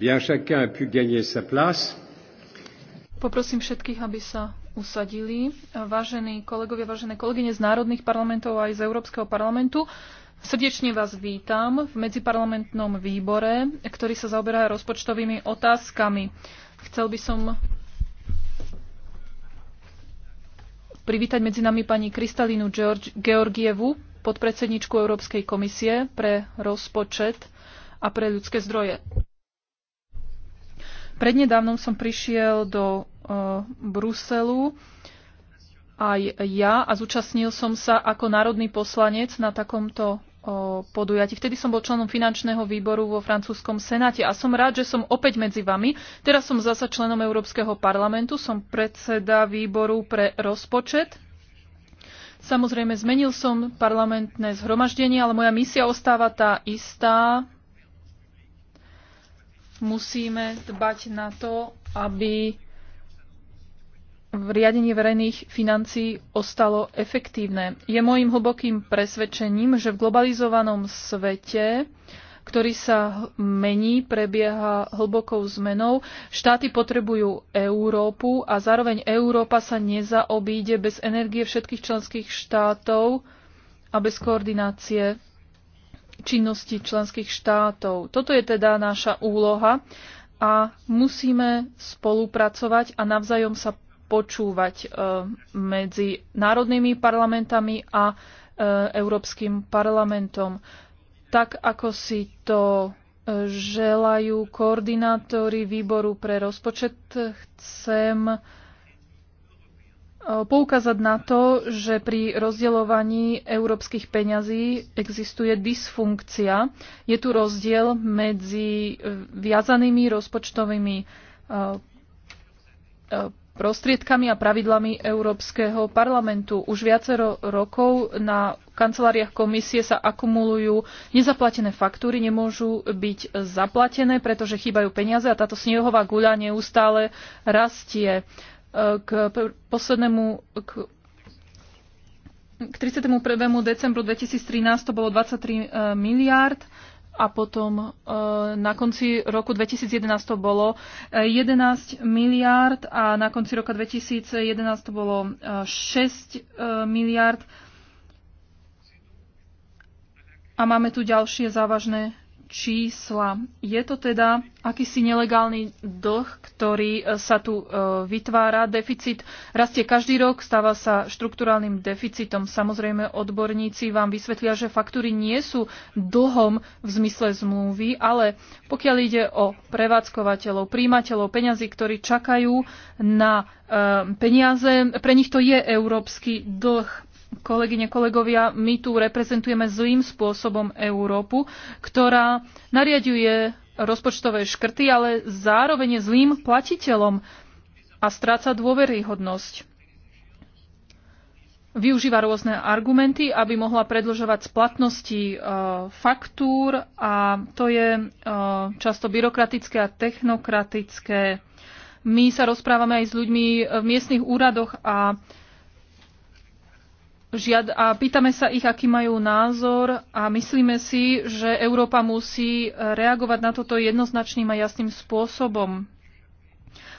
Bien, chacun a pu gagner sa place. Poprosím všetkých, aby sa usadili. Vážení kolegovia, vážené kolegyne z národných parlamentov a aj z Európskeho parlamentu, srdečne vás vítam v medziparlamentnom výbore, ktorý sa zaoberá rozpočtovými otázkami. Chcel by som privítať medzi nami pani Kristalínu Georgievu, podpredsedničku Európskej komisie pre rozpočet a pre ľudské zdroje. Prednedávnom som prišiel do eh, Bruselu aj ja a zúčastnil som sa ako národný poslanec na takomto eh, podujatí. Vtedy som bol členom finančného výboru vo francúzskom senáte a som rád, že som opäť medzi vami. Teraz som zasa členom Európskeho parlamentu, som predseda výboru pre rozpočet. Samozrejme, zmenil som parlamentné zhromaždenie, ale moja misia ostáva tá istá musíme dbať na to, aby riadenie verejných financií ostalo efektívne. Je môjim hlbokým presvedčením, že v globalizovanom svete, ktorý sa mení, prebieha hlbokou zmenou, štáty potrebujú Európu a zároveň Európa sa nezaobíde bez energie všetkých členských štátov a bez koordinácie činnosti členských štátov. Toto je teda naša úloha a musíme spolupracovať a navzájom sa počúvať e, medzi národnými parlamentami a e, Európskym parlamentom. Tak, ako si to e, želajú koordinátori výboru pre rozpočet, chcem Eh, poukázať na to, že pri rozdielovaní európskych peňazí existuje dysfunkcia. Je tu rozdiel medzi eh, viazanými rozpočtovými eh, prostriedkami a pravidlami Európskeho parlamentu. Už viacero rokov na kanceláriách komisie sa akumulujú nezaplatené faktúry, nemôžu byť zaplatené, pretože chýbajú peniaze a táto snehová guľa neustále rastie k poslednému, k, k 31. decembru 2013 to bolo 23 eh, miliárd a potom eh, na konci roku 2011 to bolo 11 eh, miliárd a na konci roka 2011 to bolo 6 miliárd. A máme tu ďalšie závažné čísla. Je to teda akýsi nelegálny dlh, ktorý e, sa tu e, vytvára. Deficit rastie každý rok, stáva sa štrukturálnym deficitom. Samozrejme, odborníci vám vysvetlia, že faktúry nie sú dlhom v zmysle zmluvy, ale pokiaľ ide o prevádzkovateľov, príjimateľov peňazí, ktorí čakajú na e, peniaze, pre nich to je európsky dlh. Kolegyne, kolegovia, my tu reprezentujeme zlým spôsobom Európu, ktorá nariaduje rozpočtové škrty, ale zároveň je zlým platiteľom a stráca dôveryhodnosť. Využíva rôzne argumenty, aby mohla predlžovať splatnosti e, faktúr a to je e, často byrokratické a technokratické. My sa rozprávame aj s ľuďmi v miestnych úradoch a e, žiad- a pýtame sa ich, aký majú názor a myslíme si, že Európa musí e, reagovať na toto jednoznačným a jasným spôsobom.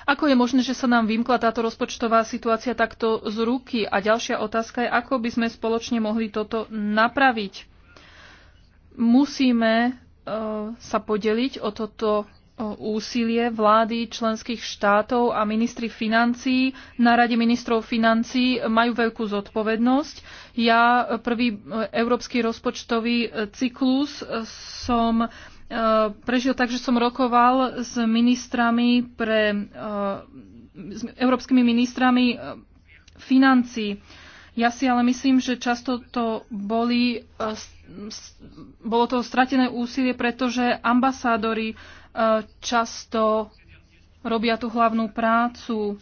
Ako je možné, že sa nám vymkla táto rozpočtová situácia takto z ruky? A ďalšia otázka je, ako by sme spoločne mohli toto napraviť. Musíme e, sa podeliť o toto úsilie vlády členských štátov a ministri financí, Na Rade ministrov financí majú veľkú zodpovednosť. Ja prvý e, európsky rozpočtový e, cyklus e, som prežil tak, že som rokoval s ministrami pre, s európskymi ministrami financí. Ja si ale myslím, že často to boli, bolo to stratené úsilie, pretože ambasádory. Eh, často robia tú hlavnú prácu.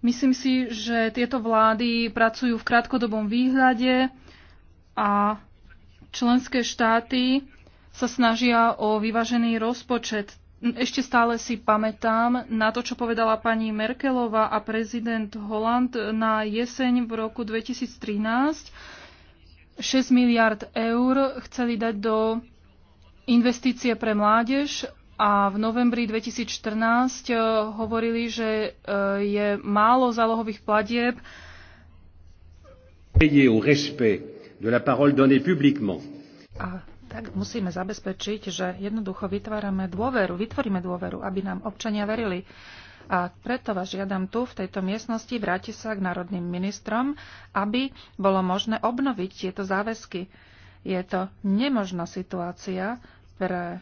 Myslím si, že tieto vlády pracujú v krátkodobom výhľade a členské štáty sa snažia o vyvážený rozpočet. Ešte stále si pamätám na to, čo povedala pani Merkelová a prezident Holland na jeseň v roku 2013 6 miliard eur chceli dať do investície pre mládež a v novembri 2014 eh, hovorili, že eh, je málo zálohových platieb. A tak musíme zabezpečiť, že jednoducho vytvárame dôveru, vytvoríme dôveru, aby nám občania verili. A preto vás žiadam tu, v tejto miestnosti, vráti sa k národným ministrom, aby bolo možné obnoviť tieto záväzky. Je to nemožná situácia pre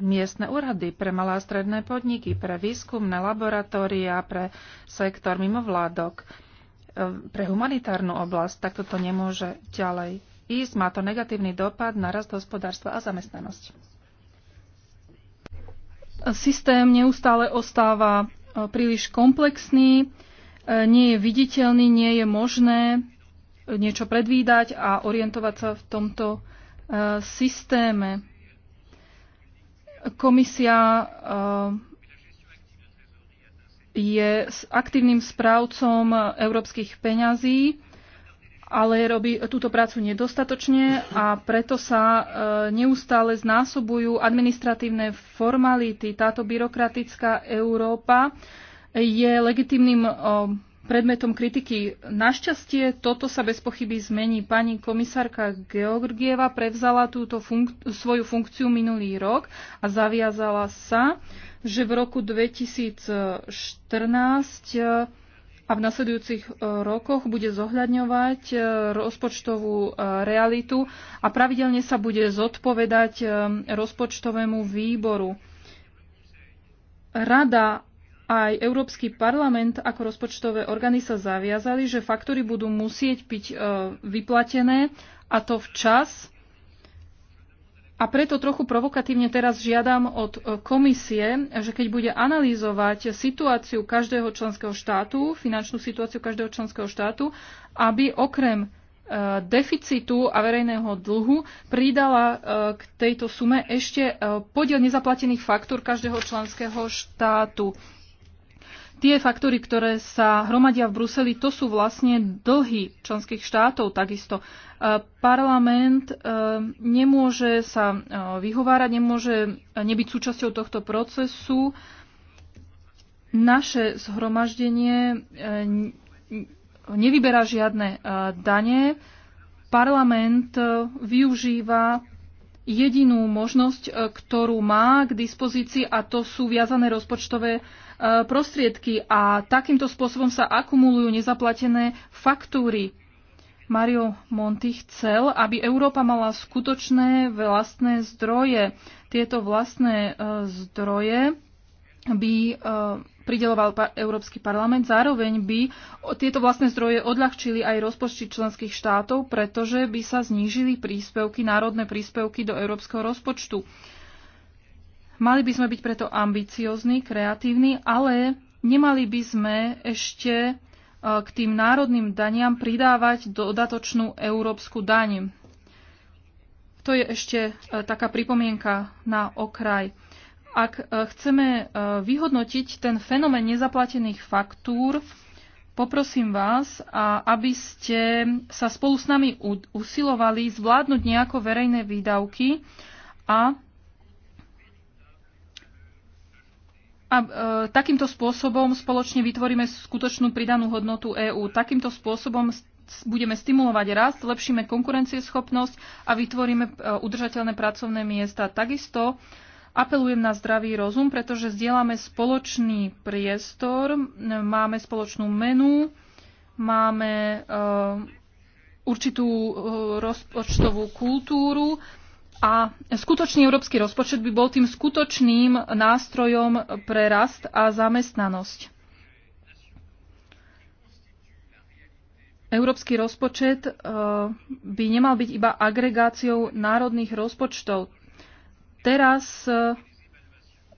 miestne úrady, pre malé a stredné podniky, pre výskumné laboratória, pre sektor mimovládok, e, pre humanitárnu oblasť, tak toto nemôže ďalej ísť. Má to negatívny dopad na rast hospodárstva a zamestnanosť. Systém neustále ostáva E, príliš komplexný, e, nie je viditeľný, nie je možné e, niečo predvídať a orientovať sa v tomto systéme. Komisia je aktívnym správcom európskych peňazí ale robí túto prácu nedostatočne a preto sa e, neustále znásobujú administratívne formality. Táto byrokratická Európa je legitimným e, predmetom kritiky. Našťastie toto sa bez pochyby zmení. Pani komisárka Georgieva prevzala túto funk- svoju funkciu minulý rok a zaviazala sa, že v roku 2014 a v nasledujúcich e, rokoch bude zohľadňovať e, rozpočtovú e, realitu a pravidelne sa bude zodpovedať rozpočtovému výboru. Rada aj Európsky parlament ako rozpočtové orgány sa zaviazali, že faktory budú musieť byť vyplatené a to včas a preto trochu provokatívne teraz žiadam od e, komisie, že keď bude analýzovať situáciu každého členského štátu, finančnú situáciu každého členského štátu, aby okrem e, deficitu a verejného dlhu pridala e, k tejto sume ešte podiel nezaplatených faktúr každého členského štátu. Tie faktory, ktoré sa hromadia v Bruseli, to sú vlastne dlhy členských štátov takisto. E, parlament e, nemôže sa e, vyhovárať, nemôže nebyť súčasťou tohto procesu. Naše zhromaždenie nevyberá žiadne dane. Parlament využíva jedinú možnosť, ktorú má k dispozícii a to sú viazané rozpočtové Eh, prostriedky a takýmto spôsobom sa akumulujú nezaplatené faktúry. Mario Monti chcel, aby Európa mala skutočné vlastné zdroje. Tieto vlastné eh, zdroje by eh, prideloval Európsky parlament. Zároveň by tieto vlastné zdroje odľahčili aj rozpočty členských štátov, pretože by sa znížili príspevky, národné príspevky do európskeho rozpočtu. Mali by sme byť preto ambiciozní, kreatívni, ale nemali by sme ešte e, k tým národným daniam pridávať dodatočnú európsku daň. To je ešte e, taká pripomienka na okraj. Ak e, chceme vyhodnotiť ten fenomén nezaplatených faktúr, poprosím vás, aby ste sa spolu s nami usilovali zvládnuť nejako verejné výdavky a A e, takýmto spôsobom spoločne vytvoríme skutočnú pridanú hodnotu EÚ. Takýmto spôsobom budeme stimulovať rast, lepšíme konkurencieschopnosť a vytvoríme e, udržateľné pracovné miesta. Takisto apelujem na zdravý rozum, pretože zdieľame spoločný priestor, máme spoločnú menu, máme e, určitú e, rozpočtovú kultúru, a skutočný európsky rozpočet by bol tým skutočným nástrojom pre rast a zamestnanosť. Európsky rozpočet e, by nemal byť iba agregáciou národných rozpočtov. Teraz e,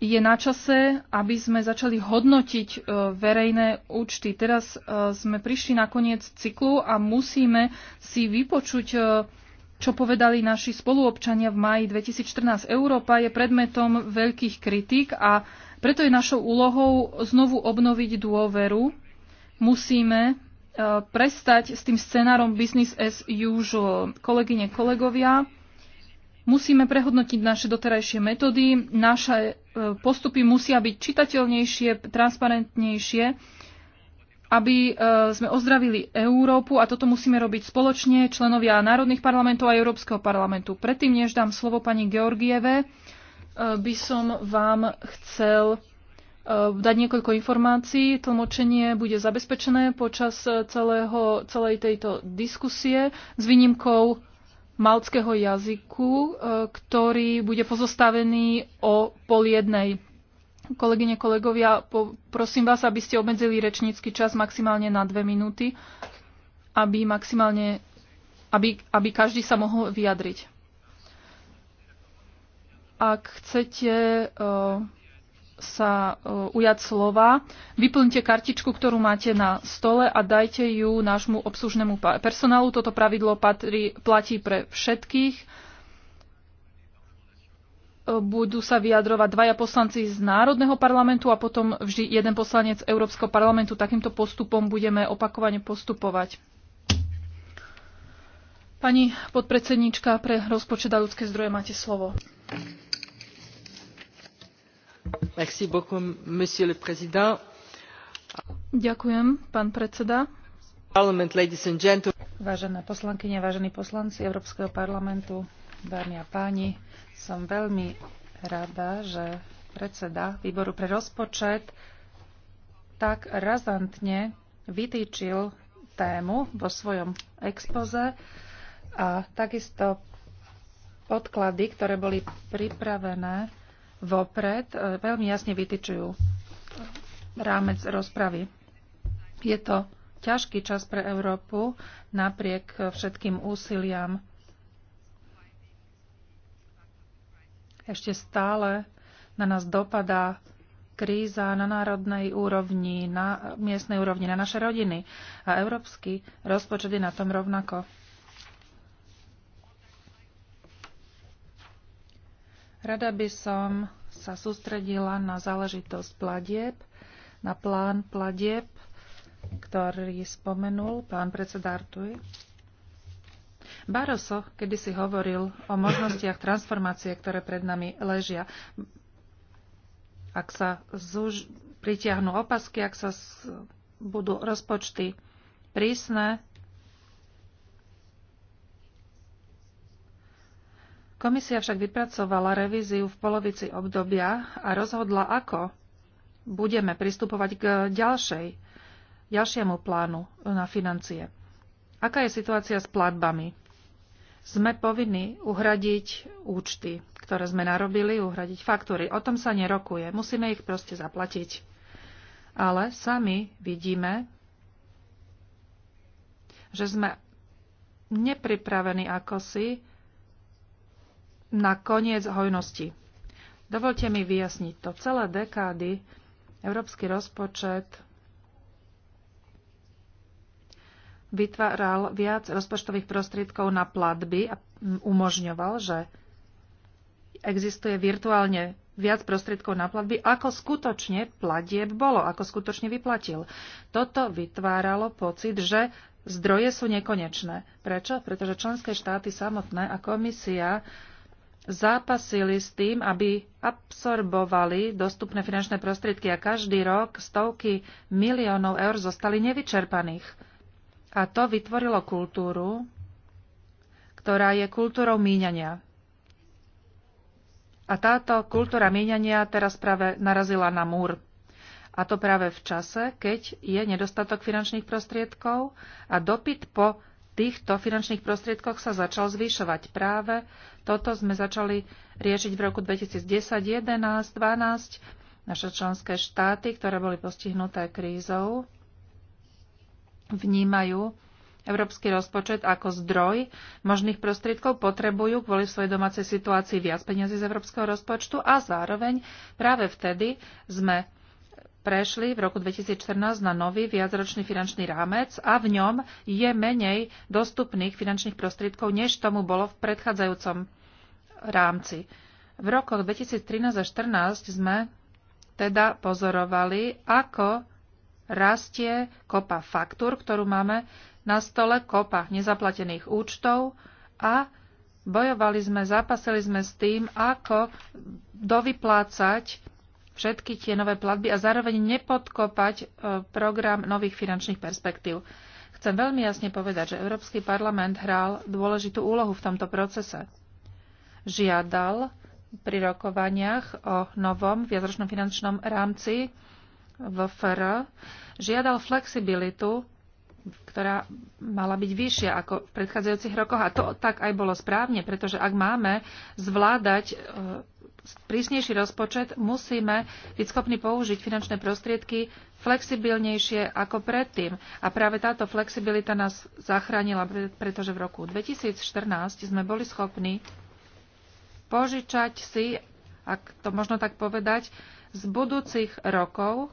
je na čase, aby sme začali hodnotiť e, verejné účty. Teraz sme prišli na koniec cyklu a musíme si vypočuť čo povedali naši spoluobčania v maji 2014. Európa je predmetom veľkých kritík a preto je našou úlohou znovu obnoviť dôveru. Musíme e, prestať s tým scenárom business as usual. Kolegyne, kolegovia, musíme prehodnotiť naše doterajšie metódy, naše e, postupy musia byť čitateľnejšie, transparentnejšie aby e, sme ozdravili Európu a toto musíme robiť spoločne členovia národných parlamentov a Európskeho parlamentu. Predtým, než dám slovo pani Georgieve, e, by som vám chcel e, dať niekoľko informácií. Tlmočenie bude zabezpečené počas celého, celej tejto diskusie s výnimkou maltského jazyku, ktorý bude pozostavený o pol jednej. Kolegyne, kolegovia, prosím vás, aby ste obmedzili rečnícky čas maximálne na dve minúty, aby, maximálne, aby, aby každý sa mohol vyjadriť. Ak chcete uh, sa e, ujať slova. Vyplňte kartičku, ktorú máte na stole a dajte ju nášmu obslužnému personálu. Toto pravidlo patrí, platí pre všetkých budú sa vyjadrovať dvaja poslanci z Národného parlamentu a potom vždy jeden poslanec Európskeho parlamentu. Takýmto postupom budeme opakovane postupovať. Pani podpredsedníčka pre rozpočet a ľudské zdroje, máte slovo. Merci beaucoup, monsieur le président. Ďakujem, pán predseda. Vážené poslankyne, vážení poslanci Európskeho parlamentu, dámy a páni. Som veľmi rada, že predseda výboru pre rozpočet tak razantne vytýčil tému vo svojom expoze a takisto podklady, ktoré boli pripravené vopred, e, veľmi jasne vytýčujú rámec rozpravy. Je to ťažký čas pre Európu napriek všetkým úsiliam Ešte stále na nás dopadá kríza na národnej úrovni, na miestnej úrovni, na naše rodiny. A európsky rozpočet je na tom rovnako. Rada by som sa sústredila na záležitosť pladieb, na plán pladieb, ktorý spomenul pán predseda Artuj. Barroso kedysi hovoril o možnostiach transformácie, ktoré pred nami ležia. Ak sa zúž... pritiahnu opasky, ak sa z... budú rozpočty prísne, Komisia však vypracovala revíziu v polovici obdobia a rozhodla, ako budeme pristupovať k ďalšej, ďalšiemu plánu na financie. Aká je situácia s platbami? sme povinní uhradiť účty, ktoré sme narobili, uhradiť faktúry. O tom sa nerokuje. Musíme ich proste zaplatiť. Ale sami vidíme, že sme nepripravení ako si na koniec hojnosti. Dovolte mi vyjasniť to. Celé dekády európsky rozpočet vytváral viac rozpočtových prostriedkov na platby a umožňoval, že existuje virtuálne viac prostriedkov na platby, ako skutočne platieb bolo, ako skutočne vyplatil. Toto vytváralo pocit, že zdroje sú nekonečné. Prečo? Pretože členské štáty samotné a komisia zápasili s tým, aby absorbovali dostupné finančné prostriedky a každý rok stovky miliónov eur zostali nevyčerpaných a to vytvorilo kultúru, ktorá je kultúrou míňania. A táto kultúra míňania teraz práve narazila na múr. A to práve v čase, keď je nedostatok finančných prostriedkov a dopyt po týchto finančných prostriedkoch sa začal zvyšovať Práve toto sme začali riešiť v roku 2010, 2011, 2012, Naše členské štáty, ktoré boli postihnuté krízou, vnímajú európsky rozpočet ako zdroj možných prostriedkov, potrebujú kvôli svojej domácej situácii viac peniazy z európskeho rozpočtu a zároveň práve vtedy sme prešli v roku 2014 na nový viacročný finančný rámec a v ňom je menej dostupných finančných prostriedkov, než tomu bolo v predchádzajúcom rámci. V rokoch 2013 a 2014 sme teda pozorovali, ako rastie kopa faktúr, ktorú máme na stole, kopa nezaplatených účtov a bojovali sme, zápasili sme s tým, ako dovyplácať všetky tie nové platby a zároveň nepodkopať e, program nových finančných perspektív. Chcem veľmi jasne povedať, že Európsky parlament hral dôležitú úlohu v tomto procese. Žiadal pri rokovaniach o novom viacročnom finančnom rámci VFR žiadal flexibilitu, ktorá mala byť vyššia ako v predchádzajúcich rokoch. A to tak aj bolo správne, pretože ak máme zvládať e, prísnejší rozpočet, musíme byť schopní použiť finančné prostriedky flexibilnejšie ako predtým. A práve táto flexibilita nás zachránila, pretože v roku 2014 sme boli schopní požičať si ak to možno tak povedať, z budúcich rokov,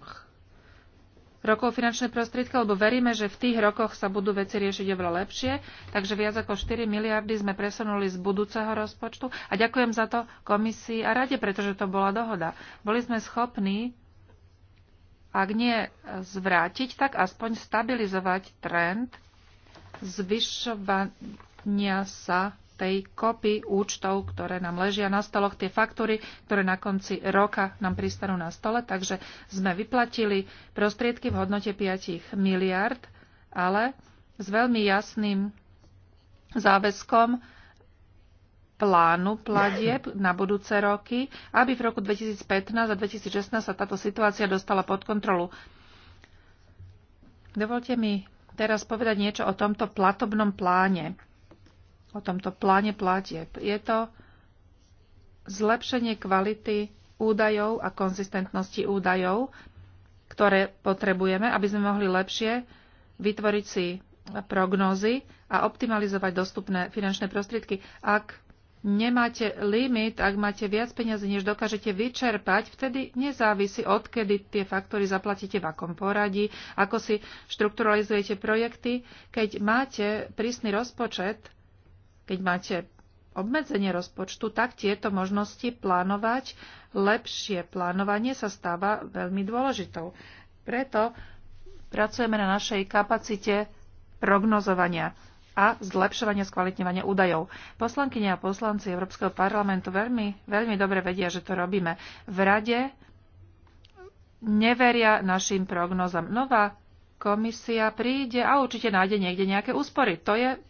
rokov finančné prostriedky, lebo veríme, že v tých rokoch sa budú veci riešiť oveľa lepšie, takže viac ako 4 miliardy sme presunuli z budúceho rozpočtu a ďakujem za to komisii a rade, pretože to bola dohoda. Boli sme schopní ak nie zvrátiť, tak aspoň stabilizovať trend zvyšovania sa tej kopy účtov, ktoré nám ležia na stoloch, tie faktúry, ktoré na konci roka nám pristanú na stole. Takže sme vyplatili prostriedky v hodnote 5 miliard, ale s veľmi jasným záväzkom plánu pladieb na budúce roky, aby v roku 2015 a 2016 sa táto situácia dostala pod kontrolu. Dovolte mi teraz povedať niečo o tomto platobnom pláne o tomto pláne platieb. Je to zlepšenie kvality údajov a konzistentnosti údajov, ktoré potrebujeme, aby sme mohli lepšie vytvoriť si prognózy a optimalizovať dostupné finančné prostriedky. Ak nemáte limit, ak máte viac peniazy, než dokážete vyčerpať, vtedy nezávisí, odkedy tie faktory zaplatíte, v akom poradí, ako si štrukturalizujete projekty. Keď máte prísny rozpočet, keď máte obmedzenie rozpočtu, tak tieto možnosti plánovať, lepšie plánovanie sa stáva veľmi dôležitou. Preto pracujeme na našej kapacite prognozovania a zlepšovania skvalitňovania údajov. Poslankyne a poslanci Európskeho parlamentu veľmi, veľmi dobre vedia, že to robíme. V rade neveria našim prognozom. Nová komisia príde a určite nájde niekde nejaké úspory. To je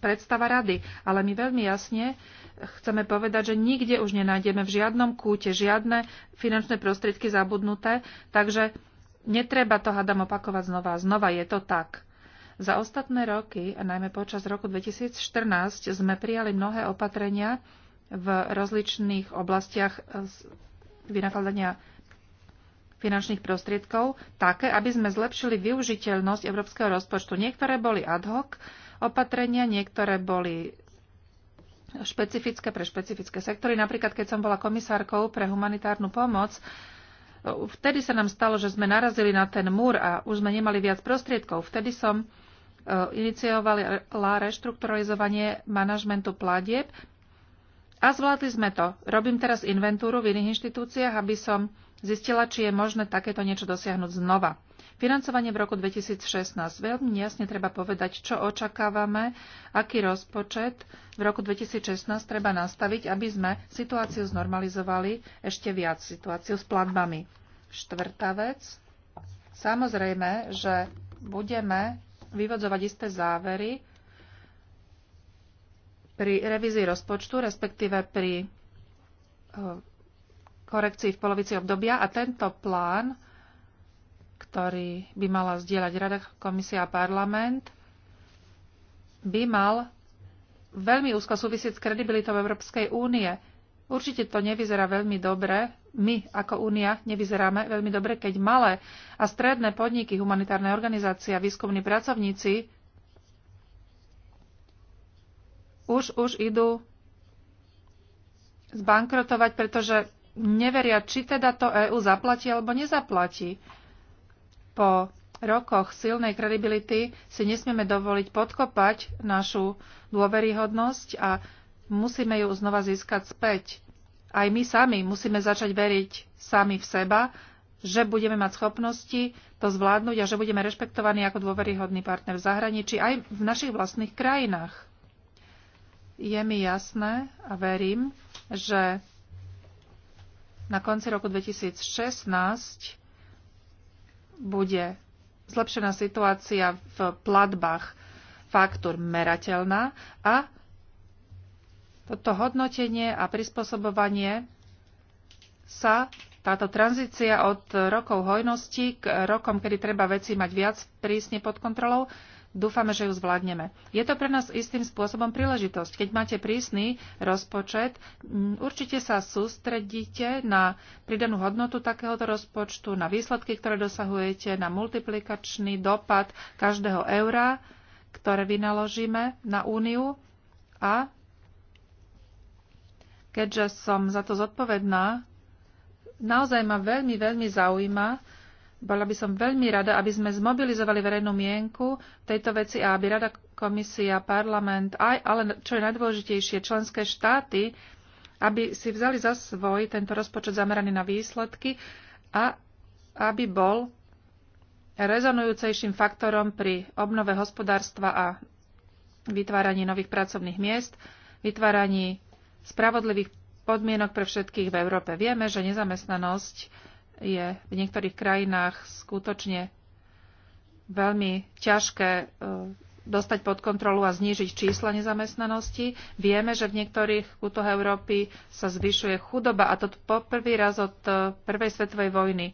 predstava rady. Ale my veľmi jasne chceme povedať, že nikde už nenájdeme v žiadnom kúte žiadne finančné prostriedky zabudnuté, takže netreba to hadam opakovať znova. Znova je to tak. Za ostatné roky, a najmä počas roku 2014, sme prijali mnohé opatrenia v rozličných oblastiach vynakladania finančných prostriedkov, také, aby sme zlepšili využiteľnosť európskeho rozpočtu. Niektoré boli ad hoc, opatrenia, niektoré boli špecifické pre špecifické sektory. Napríklad, keď som bola komisárkou pre humanitárnu pomoc, vtedy sa nám stalo, že sme narazili na ten múr a už sme nemali viac prostriedkov. Vtedy som eh, iniciovala reštrukturalizovanie manažmentu pladieb a zvládli sme to. Robím teraz inventúru v iných inštitúciách, aby som zistila, či je možné takéto niečo dosiahnuť znova. Financovanie v roku 2016. Veľmi jasne treba povedať, čo očakávame, aký rozpočet v roku 2016 treba nastaviť, aby sme situáciu znormalizovali ešte viac, situáciu s platbami. Štvrtá vec. Samozrejme, že budeme vyvodzovať isté závery pri revízii rozpočtu, respektíve pri eh, korekcii v polovici obdobia a tento plán ktorý by mala zdieľať Rada, Komisia a Parlament, by mal veľmi úzko súvisieť s kredibilitou Európskej únie. Určite to nevyzerá veľmi dobre. My ako únia nevyzeráme veľmi dobre, keď malé a stredné podniky, humanitárne organizácie a výskumní pracovníci už, už idú zbankrotovať, pretože neveria, či teda to EÚ zaplatí alebo nezaplatí. Po rokoch silnej kredibility si nesmieme dovoliť podkopať našu dôveryhodnosť a musíme ju znova získať späť. Aj my sami musíme začať veriť sami v seba, že budeme mať schopnosti to zvládnuť a že budeme rešpektovaní ako dôveryhodný partner v zahraničí aj v našich vlastných krajinách. Je mi jasné a verím, že na konci roku 2016 bude zlepšená situácia v platbách faktúr merateľná a toto hodnotenie a prispôsobovanie sa táto tranzícia od rokov hojnosti k rokom, kedy treba veci mať viac prísne pod kontrolou, dúfame, že ju zvládneme. Je to pre nás istým spôsobom príležitosť. Keď máte prísny rozpočet, určite sa sústredíte na pridanú hodnotu takéhoto rozpočtu, na výsledky, ktoré dosahujete, na multiplikačný dopad každého eura, ktoré vynaložíme na úniu a keďže som za to zodpovedná, naozaj ma veľmi, veľmi zaujíma, bola by som veľmi rada, aby sme zmobilizovali verejnú mienku v tejto veci a aby Rada, Komisia, Parlament, aj, ale čo je najdôležitejšie, členské štáty, aby si vzali za svoj tento rozpočet zameraný na výsledky a aby bol rezonujúcejším faktorom pri obnove hospodárstva a vytváraní nových pracovných miest, vytváraní spravodlivých podmienok pre všetkých v Európe. Vieme, že nezamestnanosť je v niektorých krajinách skutočne veľmi ťažké e, dostať pod kontrolu a znížiť čísla nezamestnanosti. Vieme, že v niektorých kútoch Európy sa zvyšuje chudoba a to poprvý raz od e, Prvej svetovej vojny.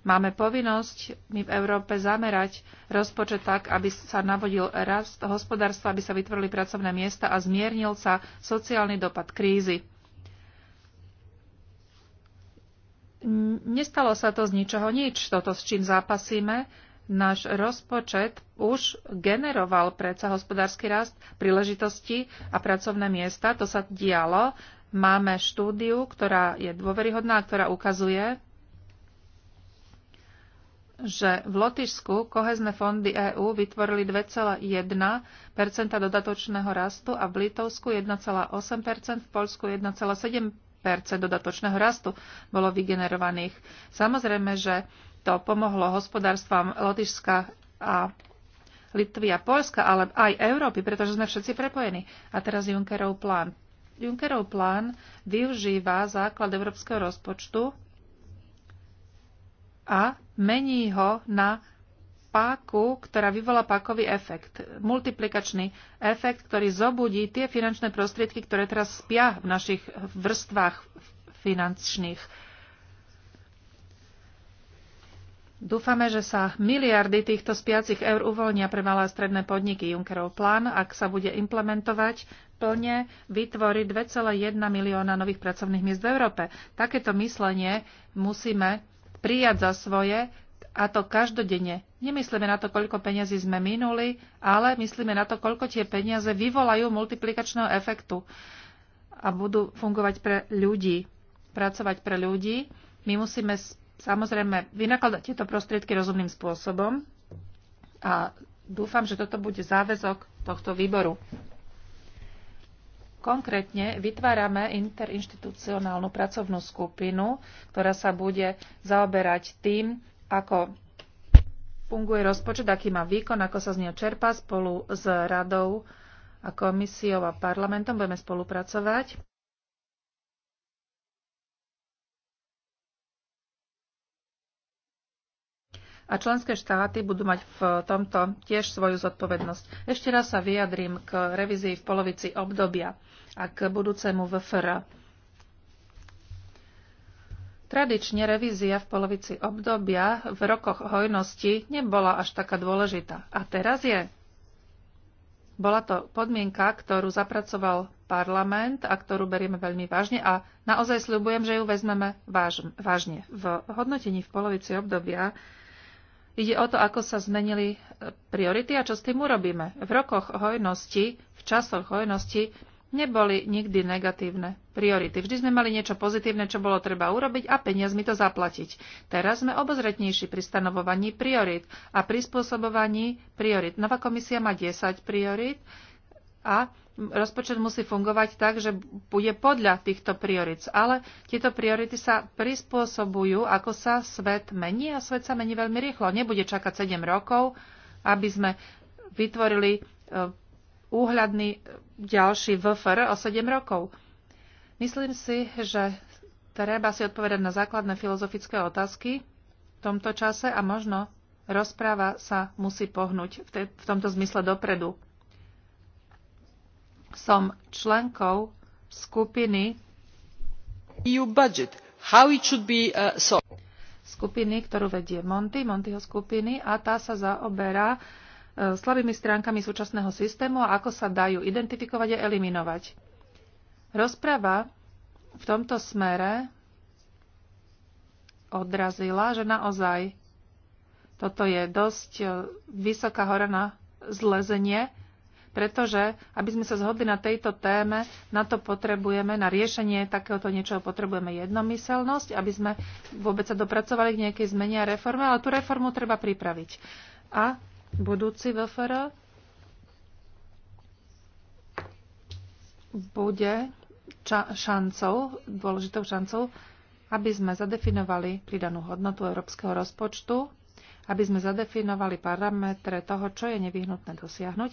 Máme povinnosť my v Európe zamerať rozpočet tak, aby sa navodil rast hospodárstva, aby sa vytvorili pracovné miesta a zmiernil sa sociálny dopad krízy. Mm, nestalo sa to z ničoho nič, toto s čím zápasíme. Náš rozpočet už generoval predsa hospodársky rast, príležitosti a pracovné miesta. To sa dialo. Máme štúdiu, ktorá je dôveryhodná, ktorá ukazuje, že v Lotyšsku kohezné fondy EÚ vytvorili 2,1 dodatočného rastu a v Litovsku 1,8 v Polsku dodatočného rastu bolo vygenerovaných. Samozrejme, že to pomohlo hospodárstvám Lotyšska a Litvy a Polska, ale aj Európy, pretože sme všetci prepojení. A teraz Junckerov plán. Junckerov plán využíva základ európskeho rozpočtu a mení ho na páku, ktorá vyvolá pákový efekt. Multiplikačný efekt, ktorý zobudí tie finančné prostriedky, ktoré teraz spia v našich vrstvách finančných. Dúfame, že sa miliardy týchto spiacich eur uvoľnia pre malé a stredné podniky. Junckerov plán, ak sa bude implementovať plne, vytvorí 2,1 milióna nových pracovných miest v Európe. Takéto myslenie musíme prijať za svoje, a to každodenne. Nemyslíme na to, koľko peniazy sme minuli, ale myslíme na to, koľko tie peniaze vyvolajú multiplikačného efektu a budú fungovať pre ľudí, pracovať pre ľudí. My musíme samozrejme vynakladať tieto prostriedky rozumným spôsobom a dúfam, že toto bude záväzok tohto výboru. Konkrétne vytvárame interinštitucionálnu pracovnú skupinu, ktorá sa bude zaoberať tým, ako funguje rozpočet, aký má výkon, ako sa z neho čerpa spolu s radou a komisiou a parlamentom. Budeme spolupracovať. A členské štáty budú mať v tomto tiež svoju zodpovednosť. Ešte raz sa vyjadrím k revízii v polovici obdobia a k budúcemu VFR. Tradične revízia v polovici obdobia v rokoch hojnosti nebola až taká dôležitá. A teraz je. Bola to podmienka, ktorú zapracoval parlament a ktorú berieme veľmi vážne a naozaj sľubujem, že ju vezmeme váž, vážne. V hodnotení v polovici obdobia ide o to, ako sa zmenili priority a čo s tým urobíme. V rokoch hojnosti, v časoch hojnosti neboli nikdy negatívne priority. Vždy sme mali niečo pozitívne, čo bolo treba urobiť a peniazmi to zaplatiť. Teraz sme obozretnejší pri stanovovaní priorit a prispôsobovaní priorit. Nová komisia má 10 priorit a rozpočet musí fungovať tak, že bude podľa týchto priorit. Ale tieto priority sa prispôsobujú, ako sa svet mení a svet sa mení veľmi rýchlo. Nebude čakať 7 rokov, aby sme vytvorili e, úhľadný ďalší VFR o 7 rokov. Myslím si, že treba si odpovedať na základné filozofické otázky v tomto čase a možno rozpráva sa musí pohnúť v, te, v tomto zmysle dopredu. Som členkou skupiny EU budget, how it should be uh, so. Skupiny, ktorú vedie Monty, Montyho skupiny a tá sa zaoberá uh, E, slabými stránkami súčasného systému a ako sa dajú identifikovať a eliminovať. Rozprava v tomto smere odrazila, že naozaj toto je dosť e, vysoká hora na zlezenie, pretože aby sme sa zhodli na tejto téme, na to potrebujeme, na riešenie takéhoto niečoho potrebujeme jednomyselnosť, aby sme vôbec sa dopracovali k nejakej zmene a reforme, ale tú reformu treba pripraviť. A budúci VFR bude šancou, dôležitou šancou, aby sme zadefinovali pridanú hodnotu európskeho rozpočtu, aby sme zadefinovali parametre toho, čo je nevyhnutné dosiahnuť,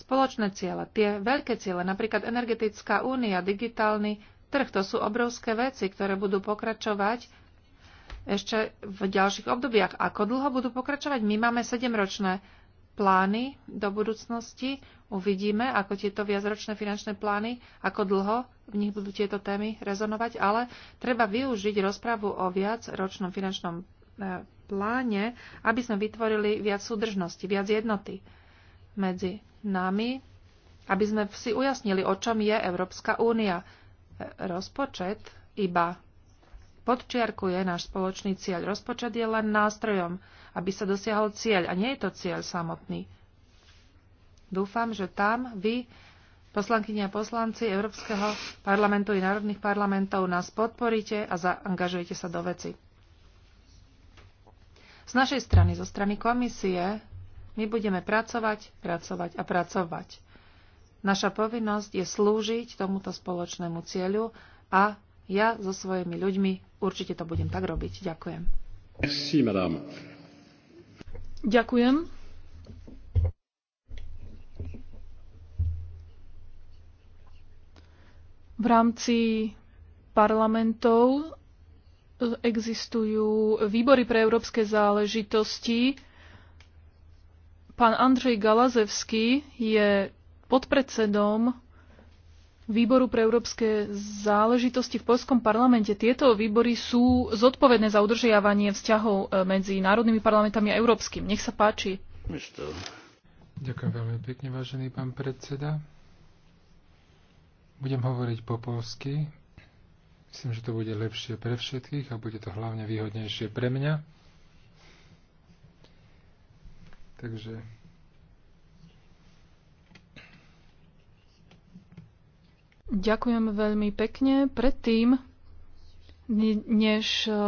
spoločné ciele, tie veľké ciele, napríklad energetická únia, digitálny trh, to sú obrovské veci, ktoré budú pokračovať ešte v ďalších obdobiach. Ako dlho budú pokračovať? My máme sedemročné plány do budúcnosti. Uvidíme, ako tieto viacročné finančné plány, ako dlho v nich budú tieto témy rezonovať, ale treba využiť rozpravu o viacročnom finančnom e, pláne, aby sme vytvorili viac súdržnosti, viac jednoty medzi nami, aby sme si ujasnili, o čom je Európska únia. E, rozpočet iba podčiarkuje náš spoločný cieľ. Rozpočet je len nástrojom, aby sa dosiahol cieľ a nie je to cieľ samotný. Dúfam, že tam vy, poslankyni a poslanci Európskeho parlamentu i národných parlamentov, nás podporíte a zaangažujete sa do veci. Z našej strany, zo strany komisie, my budeme pracovať, pracovať a pracovať. Naša povinnosť je slúžiť tomuto spoločnému cieľu a ja so svojimi ľuďmi určite to budem tak robiť. Ďakujem. Merci, madame. Ďakujem. V rámci parlamentov existujú výbory pre európske záležitosti. Pán Andrej Galazevský je podpredsedom výboru pre európske záležitosti v Polskom parlamente. Tieto výbory sú zodpovedné za udržiavanie vzťahov e, medzi národnými parlamentami a európskym. Nech sa páči. Ďakujem veľmi pekne, vážený pán predseda. Budem hovoriť po polsky. Myslím, že to bude lepšie pre všetkých a bude to hlavne výhodnejšie pre mňa. Takže Ďakujem veľmi pekne. Predtým, než e, e,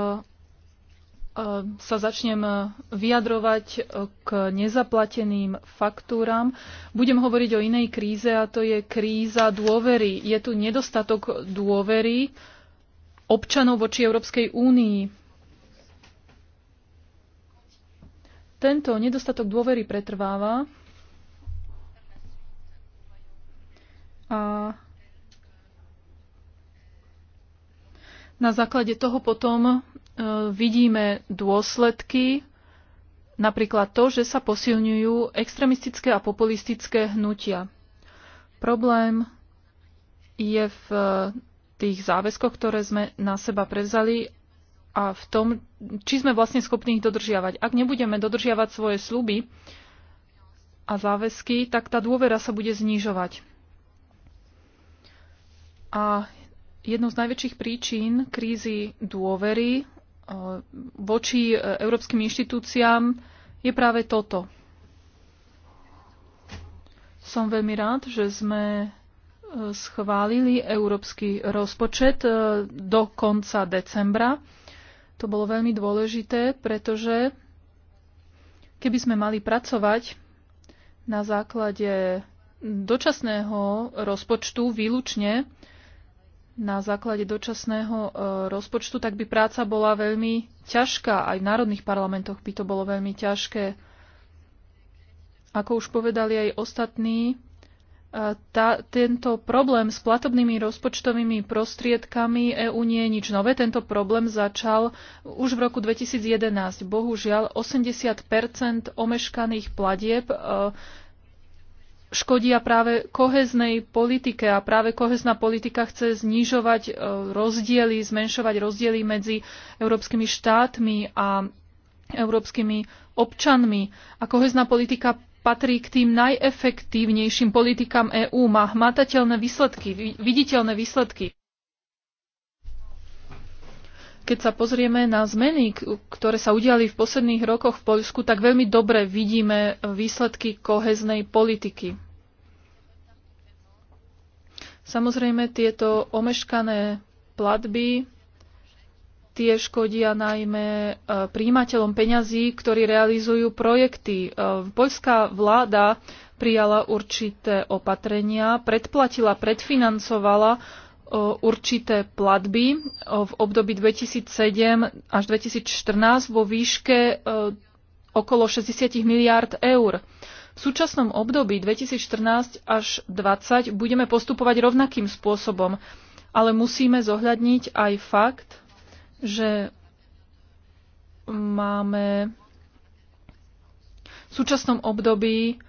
sa začnem e, vyjadrovať k nezaplateným faktúram. Budem hovoriť o inej kríze a to je kríza dôvery. Je tu nedostatok dôvery občanov voči Európskej únii. Tento nedostatok dôvery pretrváva a Na základe toho potom e, vidíme dôsledky, napríklad to, že sa posilňujú extremistické a populistické hnutia. Problém je v e, tých záväzkoch, ktoré sme na seba prevzali a v tom, či sme vlastne schopní ich dodržiavať. Ak nebudeme dodržiavať svoje sluby a záväzky, tak tá dôvera sa bude znižovať. A jednou z najväčších príčin krízy dôvery eh, voči eh, európskym inštitúciám je práve toto. Som veľmi rád, že sme eh, schválili európsky rozpočet do konca decembra. To bolo veľmi dôležité, pretože keby sme mali pracovať na základe dočasného rozpočtu výlučne, na základe dočasného e, rozpočtu, tak by práca bola veľmi ťažká. Aj v národných parlamentoch by to bolo veľmi ťažké. Ako už povedali aj ostatní, e, tá, tento problém s platobnými rozpočtovými prostriedkami EÚ nie je nič nové. Tento problém začal už v roku 2011. Bohužiaľ, 80 omeškaných platieb e, škodia práve koheznej politike a práve kohezná politika chce znižovať e, rozdiely, zmenšovať rozdiely medzi európskymi štátmi a európskymi občanmi. A kohezná politika patrí k tým najefektívnejším politikám EÚ, má hmatateľné výsledky, viditeľné výsledky. Keď sa pozrieme na zmeny, ktoré sa udiali v posledných rokoch v Poľsku, tak veľmi dobre vidíme výsledky koheznej politiky. Samozrejme, tieto omeškané platby tie škodia najmä e, príjimateľom peňazí, ktorí realizujú projekty. E, poľská vláda prijala určité opatrenia, predplatila, predfinancovala určité platby v období 2007 až 2014 vo výške okolo 60 miliárd eur. V súčasnom období 2014 až 2020 budeme postupovať rovnakým spôsobom, ale musíme zohľadniť aj fakt, že máme v súčasnom období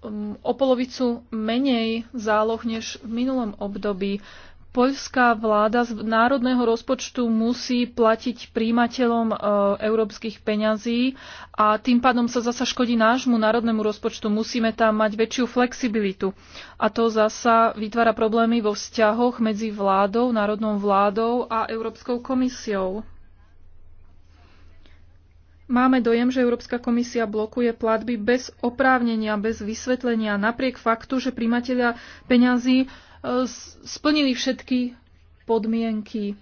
Um, o polovicu menej záloh než v minulom období. Poľská vláda z národného rozpočtu musí platiť príjimateľom e, európskych peňazí a tým pádom sa zasa škodí nášmu národnému rozpočtu. Musíme tam mať väčšiu flexibilitu. A to zasa vytvára problémy vo vzťahoch medzi vládou, národnou vládou a Európskou komisiou. Máme dojem, že Európska komisia blokuje platby bez oprávnenia, bez vysvetlenia, napriek faktu, že primateľa peňazí e, splnili všetky podmienky.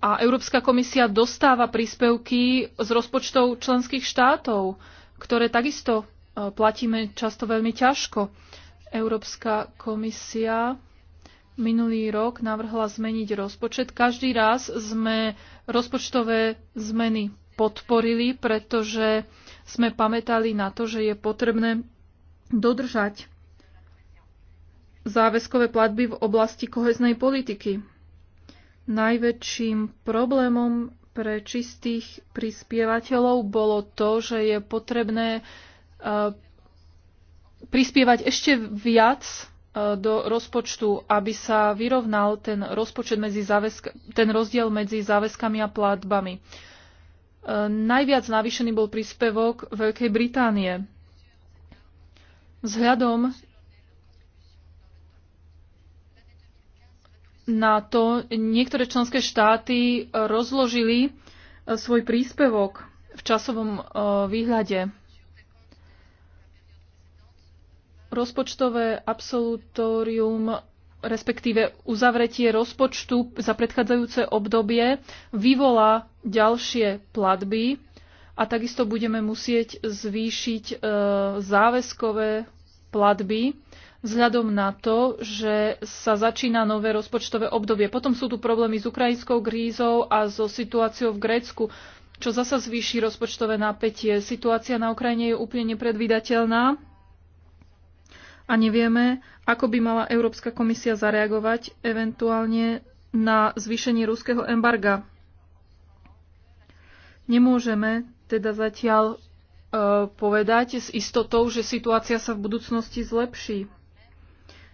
A Európska komisia dostáva príspevky z rozpočtov členských štátov, ktoré takisto e, platíme často veľmi ťažko. Európska komisia minulý rok navrhla zmeniť rozpočet. Každý raz sme rozpočtové zmeny podporili, pretože sme pamätali na to, že je potrebné dodržať záväzkové platby v oblasti koheznej politiky. Najväčším problémom pre čistých prispievateľov bolo to, že je potrebné e, prispievať ešte viac e, do rozpočtu, aby sa vyrovnal ten, rozpočet medzi záväzk- ten rozdiel medzi záväzkami a platbami. Najviac navýšený bol príspevok Veľkej Británie. Vzhľadom na to niektoré členské štáty rozložili e, svoj príspevok v časovom e, výhľade. Rozpočtové absolutórium respektíve uzavretie rozpočtu za predchádzajúce obdobie vyvolá ďalšie platby a takisto budeme musieť zvýšiť e, záväzkové platby vzhľadom na to, že sa začína nové rozpočtové obdobie. Potom sú tu problémy s ukrajinskou krízou a so situáciou v Grécku, čo zasa zvýši rozpočtové napätie. Situácia na Ukrajine je úplne nepredvídateľná a nevieme, ako by mala Európska komisia zareagovať eventuálne na zvýšenie ruského embarga. Nemôžeme teda zatiaľ e, povedať s istotou, že situácia sa v budúcnosti zlepší.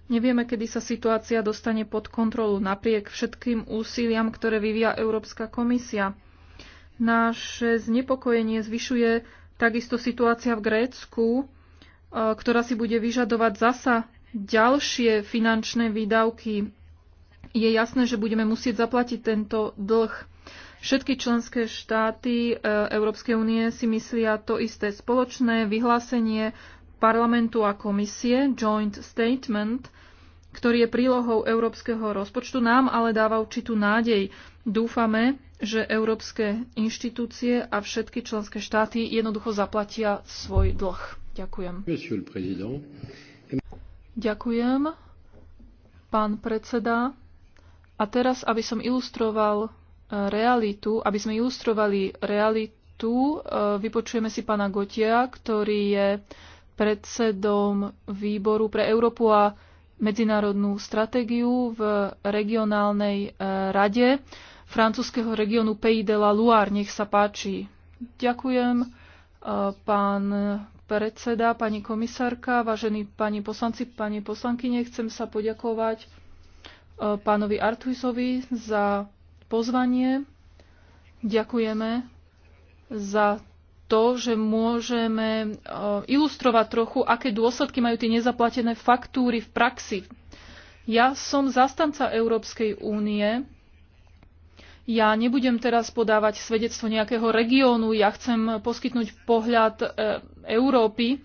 Nevieme, kedy sa situácia dostane pod kontrolu napriek všetkým úsiliam, ktoré vyvíja Európska komisia. Naše znepokojenie zvyšuje takisto situácia v Grécku, E, ktorá si bude vyžadovať zasa ďalšie finančné výdavky. Je jasné, že budeme musieť zaplatiť tento dlh. Všetky členské štáty e, Európskej únie si myslia to isté spoločné vyhlásenie parlamentu a komisie, joint statement, ktorý je prílohou európskeho rozpočtu, nám ale dáva určitú nádej. Dúfame, že európske inštitúcie a všetky členské štáty jednoducho zaplatia svoj dlh. Ďakujem. Ďakujem, pán predseda. A teraz, aby som ilustroval e, realitu, aby sme ilustrovali realitu, e, vypočujeme si pána Gotia, ktorý je predsedom výboru pre Európu a medzinárodnú stratégiu v regionálnej e, rade francúzského regiónu Pays de la Loire. Nech sa páči. Ďakujem, pán predseda, pani komisárka, vážení pani poslanci, pani poslankyne, chcem sa poďakovať e, pánovi Artuisovi za pozvanie. Ďakujeme za to, že môžeme e, ilustrovať trochu, aké dôsledky majú tie nezaplatené faktúry v praxi. Ja som zastanca Európskej únie, ja nebudem teraz podávať svedectvo nejakého regiónu, ja chcem poskytnúť pohľad e, Európy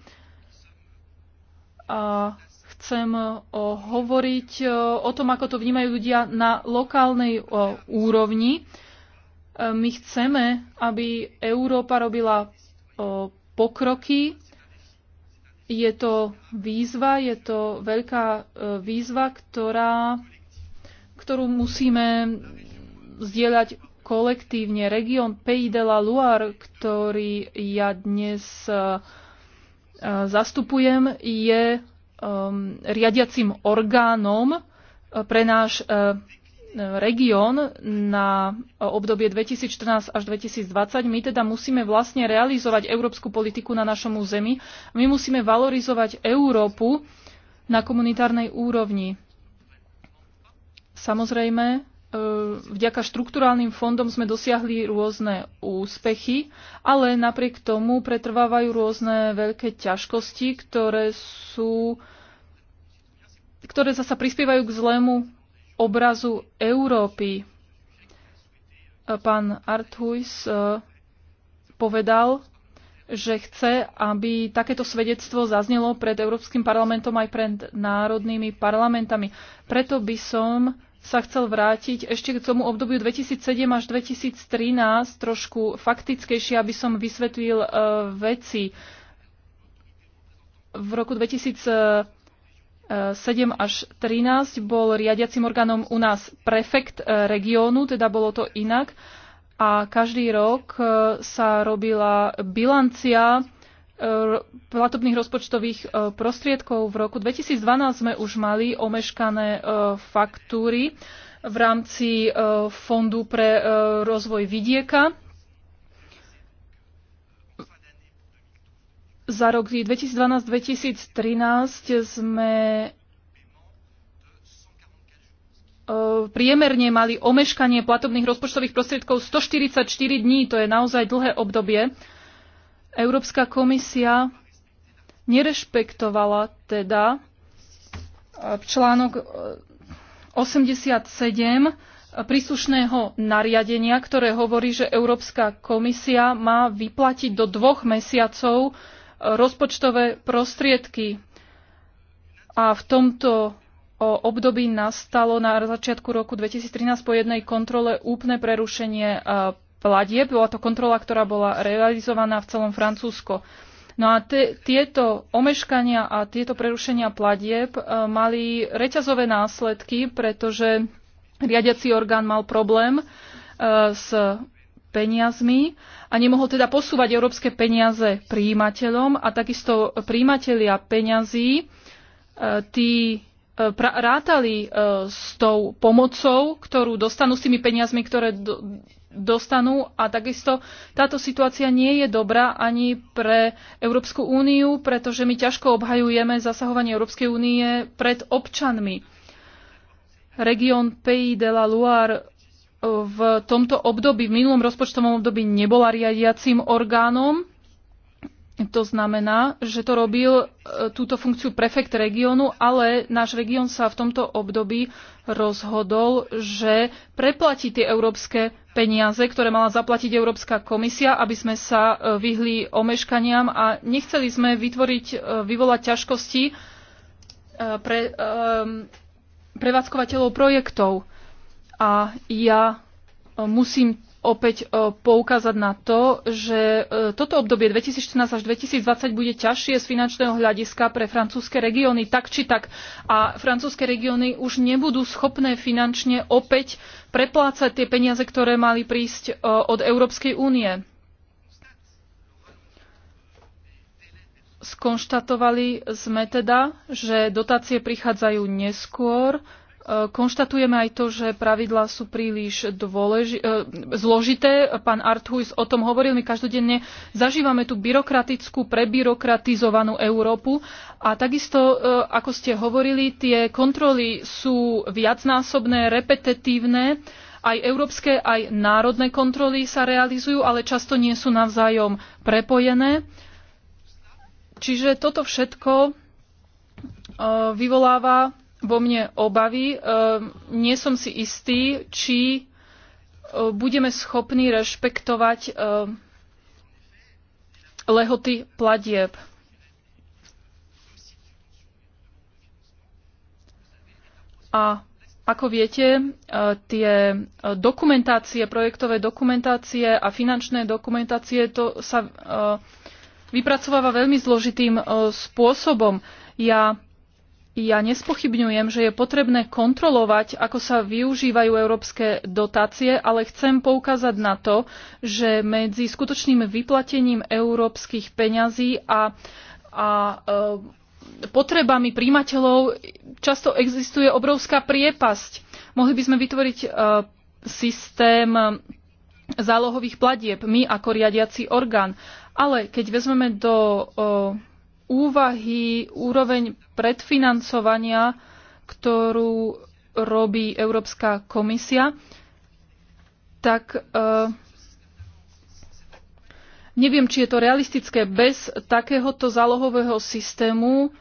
a chcem e, hovoriť e, o, tom, ako to vnímajú ľudia na lokálnej úrovni. my chceme, aby Európa robila pokroky. Je to výzva, je to veľká výzva, ktorá, ktorú musíme zdieľať kolektívne. Región Pays de la Loire, ktorý ja dnes e, e, zastupujem, je um, riadiacim orgánom e, pre náš región na obdobie 2014 až 2020. My teda musíme vlastne realizovať európsku politiku na našom území. My musíme valorizovať Európu na komunitárnej úrovni. Samozrejme, E, vďaka štrukturálnym fondom sme dosiahli rôzne úspechy, ale napriek tomu pretrvávajú rôzne veľké ťažkosti, ktoré sú ktoré zasa prispievajú k zlému obrazu Európy. E, pán Arthuis e, povedal, že chce, aby takéto svedectvo zaznelo pred Európskym parlamentom aj pred národnými parlamentami. Preto by som sa chcel vrátiť ešte k tomu obdobiu 2007 až 2013 trošku faktickejšie, aby som vysvetlil e, veci. V roku 2007 až 2013 bol riadiacim orgánom u nás prefekt e, regiónu, teda bolo to inak. A každý rok e, sa robila bilancia Eh, platobných rozpočtových eh, prostriedkov. V roku 2012 sme už mali omeškané eh, faktúry v rámci Fondu pre rozvoj vidieka. Za rok 2012-2013 sme priemerne mali omeškanie platobných rozpočtových prostriedkov 144 dní, to je naozaj dlhé obdobie. Európska komisia nerešpektovala teda e, článok 87 e, e, príslušného nariadenia, ktoré hovorí, že Európska komisia má vyplatiť do dvoch mesiacov rozpočtové prostriedky. A v tomto období nastalo na začiatku roku 2013 po jednej kontrole úplné prerušenie platieb. Bola to kontrola, ktorá bola realizovaná v celom Francúzsko. No a te, tieto omeškania a tieto prerušenia platieb e, mali reťazové následky, pretože riadiaci orgán mal problém e, s peniazmi a nemohol teda posúvať európske peniaze príjimateľom a takisto príjimatelia peňazí e, tí e, rátali e, s tou pomocou, ktorú dostanú s tými peniazmi, ktoré do, dostanú a takisto táto situácia nie je dobrá ani pre Európsku úniu, pretože my ťažko obhajujeme zasahovanie Európskej únie pred občanmi. Región Pays de la Loire eh, v tomto období, v minulom rozpočtovom období nebola riadiacím orgánom to znamená, že to robil e, túto funkciu prefekt regiónu, ale náš región sa v tomto období rozhodol, že preplatí tie európske peniaze, ktoré mala zaplatiť Európska komisia, aby sme sa e, vyhli omeškaniam a nechceli sme vytvoriť, e, vyvolať ťažkosti pre um, prevádzkovateľov projektov. A ja musím opäť e, poukázať na to, že e, toto obdobie 2014 až 2020 bude ťažšie z finančného hľadiska pre francúzske regióny, tak či tak. A francúzske regióny už nebudú schopné finančne opäť preplácať tie peniaze, ktoré mali prísť e, od Európskej únie. Skonštatovali sme teda, že dotácie prichádzajú neskôr, Konštatujeme aj to, že pravidlá sú príliš dôleži- e, zložité. Pán Arthuis o tom hovoril. My každodenne zažívame tú byrokratickú, prebyrokratizovanú Európu. A takisto, e, ako ste hovorili, tie kontroly sú viacnásobné, repetitívne. Aj európske, aj národné kontroly sa realizujú, ale často nie sú navzájom prepojené. Čiže toto všetko e, vyvoláva vo mne obavy. Ehm, nie som si istý, či e, budeme schopní rešpektovať e, lehoty platieb. A ako viete, e, tie dokumentácie, projektové dokumentácie a finančné dokumentácie, to sa vypracováva veľmi zložitým spôsobom. Ja ja nespochybňujem, že je potrebné kontrolovať, ako sa využívajú európske dotácie, ale chcem poukázať na to, že medzi skutočným vyplatením európskych peňazí a, a e, potrebami príjimateľov často existuje obrovská priepasť. Mohli by sme vytvoriť e, systém zálohových platieb, my ako riadiaci orgán. Ale keď vezmeme do e, úvahy úroveň predfinancovania, ktorú robí Európska komisia, tak eh, neviem, či je to realistické bez takéhoto zálohového systému,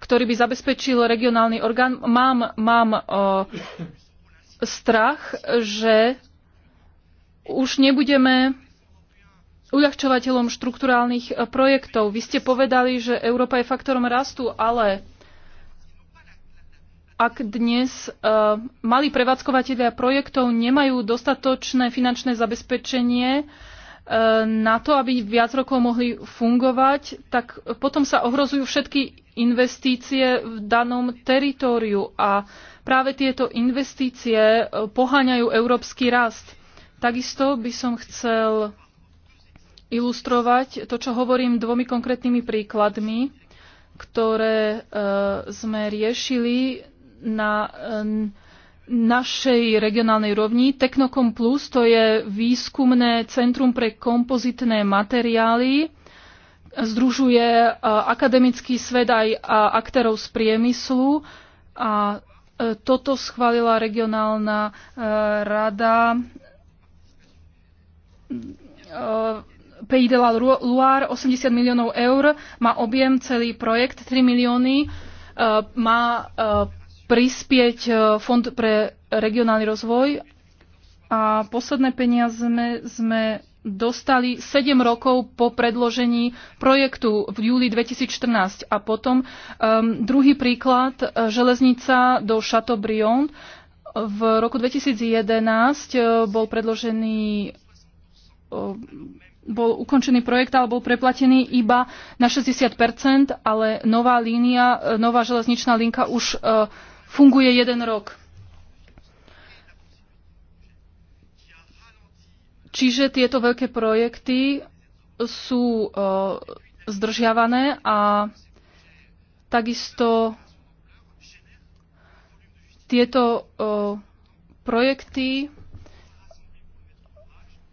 ktorý by zabezpečil regionálny orgán. Mám, mám eh, strach, že už nebudeme uľahčovateľom štrukturálnych e, projektov. Vy ste povedali, že Európa je faktorom rastu, ale ak dnes uh, e, mali prevádzkovateľia projektov nemajú dostatočné finančné zabezpečenie uh, na to, aby viac rokov mohli fungovať, tak potom sa ohrozujú všetky investície v danom teritóriu a práve tieto investície poháňajú európsky rast. Takisto by som chcel ilustrovať to, čo hovorím dvomi konkrétnymi príkladmi, ktoré e, sme riešili na e, našej regionálnej rovni. Technocom Plus to je výskumné centrum pre kompozitné materiály. Združuje e, akademický svet aj aktérov z priemyslu a e, toto schválila regionálna e, rada Pays de la Loire 80 miliónov eur, má objem celý projekt 3 milióny, e, má e, prispieť e, Fond pre regionálny rozvoj a posledné peniaze sme, sme dostali 7 rokov po predložení projektu v júli 2014. A potom um, druhý príklad, železnica do Chateaubriand. V roku 2011 bol predložený bol ukončený projekt, ale bol preplatený iba na 60%, ale nová línia, e, nová železničná linka už e, funguje jeden rok. Čiže tieto veľké projekty sú e, zdržiavané a takisto tieto projekty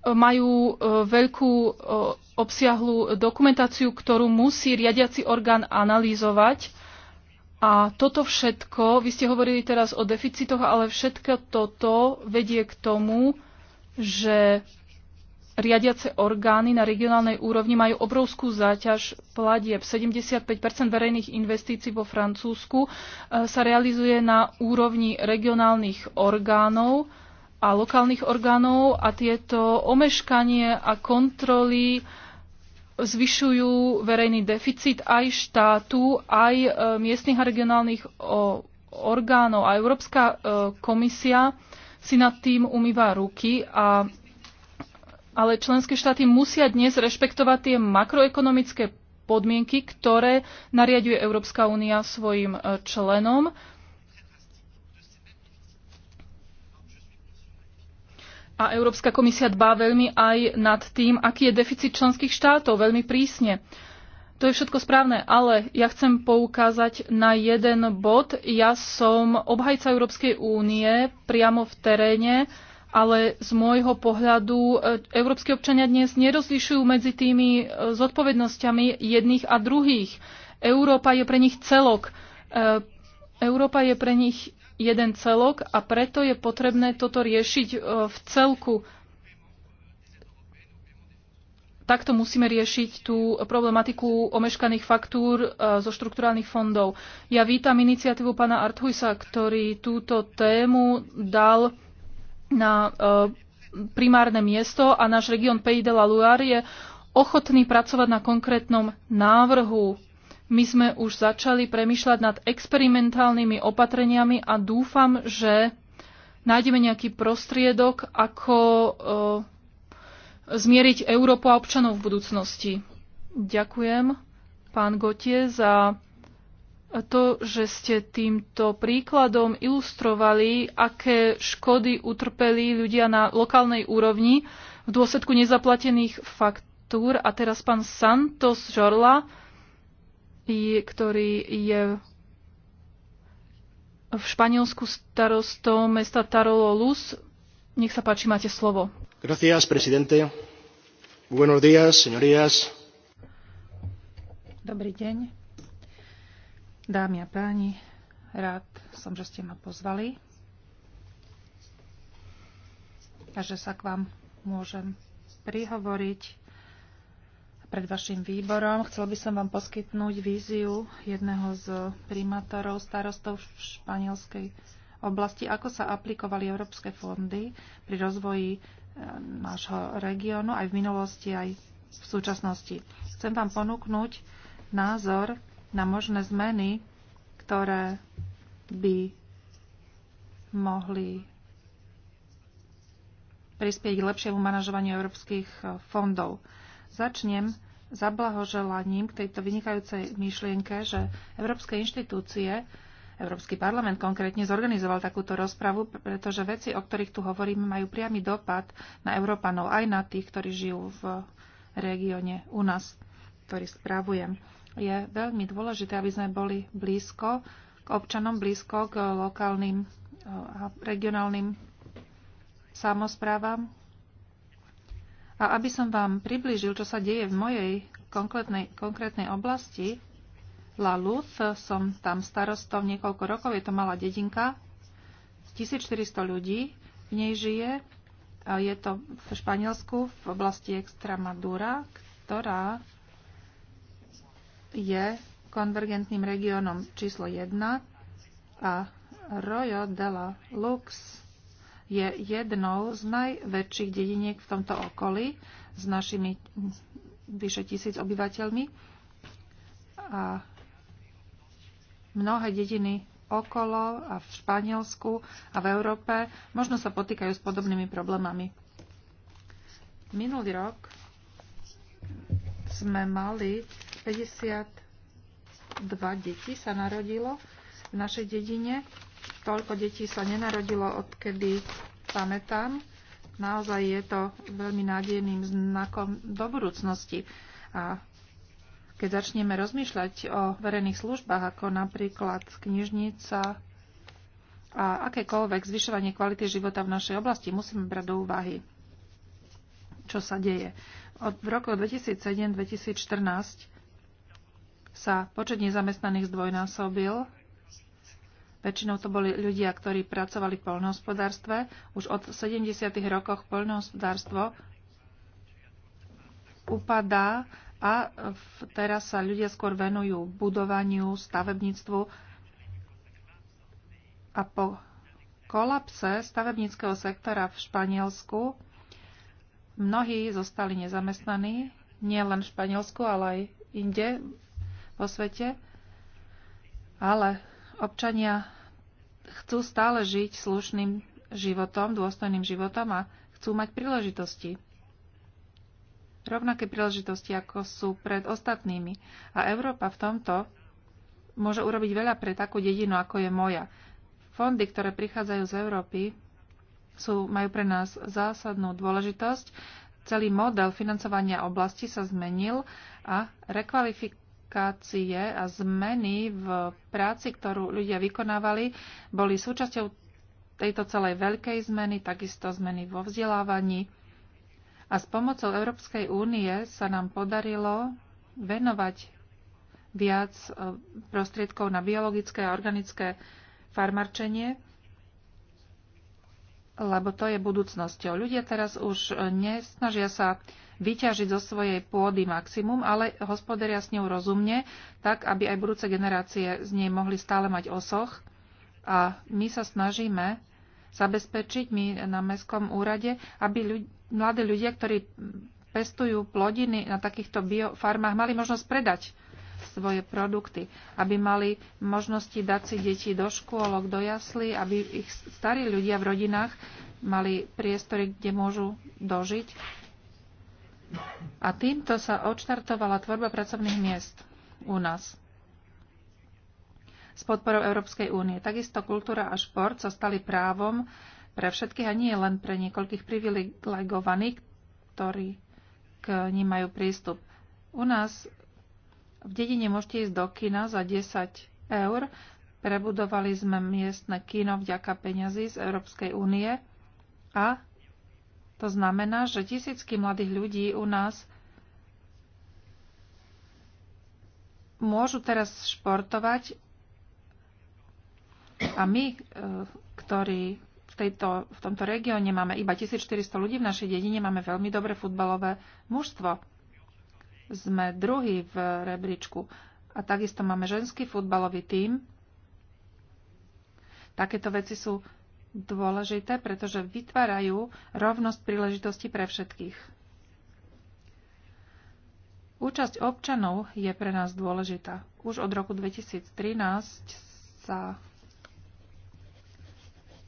majú e, veľkú e, obsiahlu dokumentáciu, ktorú musí riadiaci orgán analýzovať. A toto všetko, vy ste hovorili teraz o deficitoch, ale všetko toto vedie k tomu, že riadiace orgány na regionálnej úrovni majú obrovskú záťaž platieb. 75 verejných investícií vo Francúzsku e, sa realizuje na úrovni regionálnych orgánov a lokálnych orgánov a tieto omeškanie a kontroly zvyšujú verejný deficit aj štátu, aj e, miestnych a regionálnych orgánov. A Európska e, komisia si nad tým umýva ruky a ale členské štáty musia dnes rešpektovať tie makroekonomické podmienky, ktoré nariaduje Európska únia svojim e, členom a Európska komisia dbá veľmi aj nad tým, aký je deficit členských štátov, veľmi prísne. To je všetko správne, ale ja chcem poukázať na jeden bod. Ja som obhajca Európskej únie priamo v teréne, ale z môjho pohľadu eh, európske občania dnes nerozlišujú medzi tými eh, zodpovednosťami jedných a druhých. Európa je pre nich celok. Eh, Európa je pre nich jeden celok a preto je potrebné toto riešiť e, v celku. Takto musíme riešiť tú problematiku omeškaných faktúr e, zo štrukturálnych fondov. Ja vítam iniciatívu pána Arthuisa, ktorý túto tému dal na e, primárne miesto a náš región Pays de la Loire je ochotný pracovať na konkrétnom návrhu my sme už začali premyšľať nad experimentálnymi opatreniami a dúfam, že nájdeme nejaký prostriedok, ako e, zmieriť Európu a občanov v budúcnosti. Ďakujem, pán Gotie, za to, že ste týmto príkladom ilustrovali, aké škody utrpeli ľudia na lokálnej úrovni v dôsledku nezaplatených faktúr. A teraz pán Santos Žorla ktorý je v Španielsku starostom mesta Tarololus. Nech sa páči, máte slovo. Gracias, presidente. Buenos días, señorías. Dobrý deň, dámy a páni. Rád som, že ste ma pozvali a že sa k vám môžem prihovoriť pred vašim výborom. Chcel by som vám poskytnúť víziu jedného z primátorov starostov v španielskej oblasti, ako sa aplikovali európske fondy pri rozvoji e, nášho regiónu aj v minulosti, aj v súčasnosti. Chcem vám ponúknuť názor na možné zmeny, ktoré by mohli prispieť k lepšiemu manažovaniu európskych e, fondov. Začnem zablahoželaním k tejto vynikajúcej myšlienke, že európske inštitúcie, Európsky parlament konkrétne zorganizoval takúto rozpravu, pretože veci, o ktorých tu hovoríme, majú priamy dopad na Európanov, aj na tých, ktorí žijú v regióne u nás, ktorý spravujem. Je veľmi dôležité, aby sme boli blízko k občanom, blízko k lokálnym a regionálnym samozprávam, a aby som vám priblížil, čo sa deje v mojej konkrétnej, konkrétnej oblasti, Luz, som tam starostom niekoľko rokov, je to malá dedinka, 1400 ľudí v nej žije. Je to v Španielsku v oblasti Extremadura, ktorá je konvergentným regiónom číslo 1 a Rojo de la Lux je jednou z najväčších dediniek v tomto okolí s našimi vyše tisíc obyvateľmi. A mnohé dediny okolo a v Španielsku a v Európe možno sa potýkajú s podobnými problémami. Minulý rok sme mali 52 detí sa narodilo v našej dedine Toľko detí sa nenarodilo, odkedy pamätám. Naozaj je to veľmi nádejným znakom do budúcnosti. A keď začneme rozmýšľať o verejných službách, ako napríklad knižnica a akékoľvek zvyšovanie kvality života v našej oblasti, musíme brať do úvahy, čo sa deje. Od, v roku 2007-2014 sa počet nezamestnaných zdvojnásobil Väčšinou to boli ľudia, ktorí pracovali v poľnohospodárstve. Už od 70. rokoch poľnohospodárstvo upadá a teraz sa ľudia skôr venujú budovaniu, stavebníctvu a po kolapse stavebníckého sektora v Španielsku mnohí zostali nezamestnaní, nie len v Španielsku, ale aj inde vo svete. Ale Občania chcú stále žiť slušným životom, dôstojným životom a chcú mať príležitosti. Rovnaké príležitosti, ako sú pred ostatnými. A Európa v tomto môže urobiť veľa pre takú dedinu, ako je moja. Fondy, ktoré prichádzajú z Európy, sú, majú pre nás zásadnú dôležitosť. Celý model financovania oblasti sa zmenil a rekvalifik- modifikácie a zmeny v práci, ktorú ľudia vykonávali, boli súčasťou tejto celej veľkej zmeny, takisto zmeny vo vzdelávaní. A s pomocou Európskej únie sa nám podarilo venovať viac e, prostriedkov na biologické a organické farmarčenie lebo to je budúcnosťou. Ľudia teraz už e, nesnažia sa vyťažiť zo svojej pôdy maximum, ale hospodária s ňou rozumne, tak aby aj budúce generácie z nej mohli stále mať osoch. A my sa snažíme zabezpečiť, my na Mestskom úrade, aby ľudí, mladí ľudia, ktorí pestujú plodiny na takýchto biofarmách, mali možnosť predať svoje produkty, aby mali možnosti dať si deti do škôlok, do jaslí, aby ich starí ľudia v rodinách mali priestory, kde môžu dožiť. A týmto sa odštartovala tvorba pracovných miest u nás s podporou Európskej únie. Takisto kultúra a šport sa stali právom pre všetkých a nie len pre niekoľkých privilegovaných, ktorí k ním majú prístup. U nás v dedine môžete ísť do kina za 10 eur. Prebudovali sme miestne kino vďaka peňazí z Európskej únie a to znamená, že tisícky mladých ľudí u nás môžu teraz športovať a my, eh, ktorí v, tejto, v tomto regióne máme iba 1400 ľudí v našej dedine, máme veľmi dobré futbalové mužstvo sme druhý v rebríčku. A takisto máme ženský futbalový tím. Takéto veci sú dôležité, pretože vytvárajú rovnosť príležitosti pre všetkých. Účasť občanov je pre nás dôležitá. Už od roku 2013 sa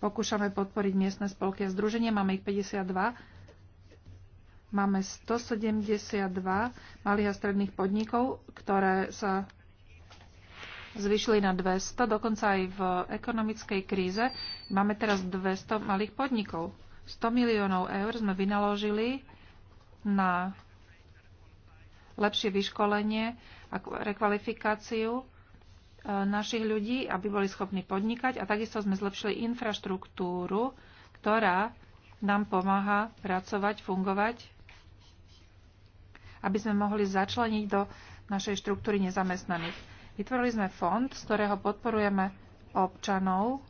pokúšame podporiť miestne spolky a združenie, máme ich 52 Máme 172 malých a stredných podnikov, ktoré sa zvyšili na 200, dokonca aj v ekonomickej kríze. Máme teraz 200 malých podnikov. 100 miliónov eur sme vynaložili na lepšie vyškolenie a rekvalifikáciu e, našich ľudí, aby boli schopní podnikať a takisto sme zlepšili infraštruktúru, ktorá nám pomáha pracovať, fungovať aby sme mohli začleniť do našej štruktúry nezamestnaných. Vytvorili sme fond, z ktorého podporujeme občanov,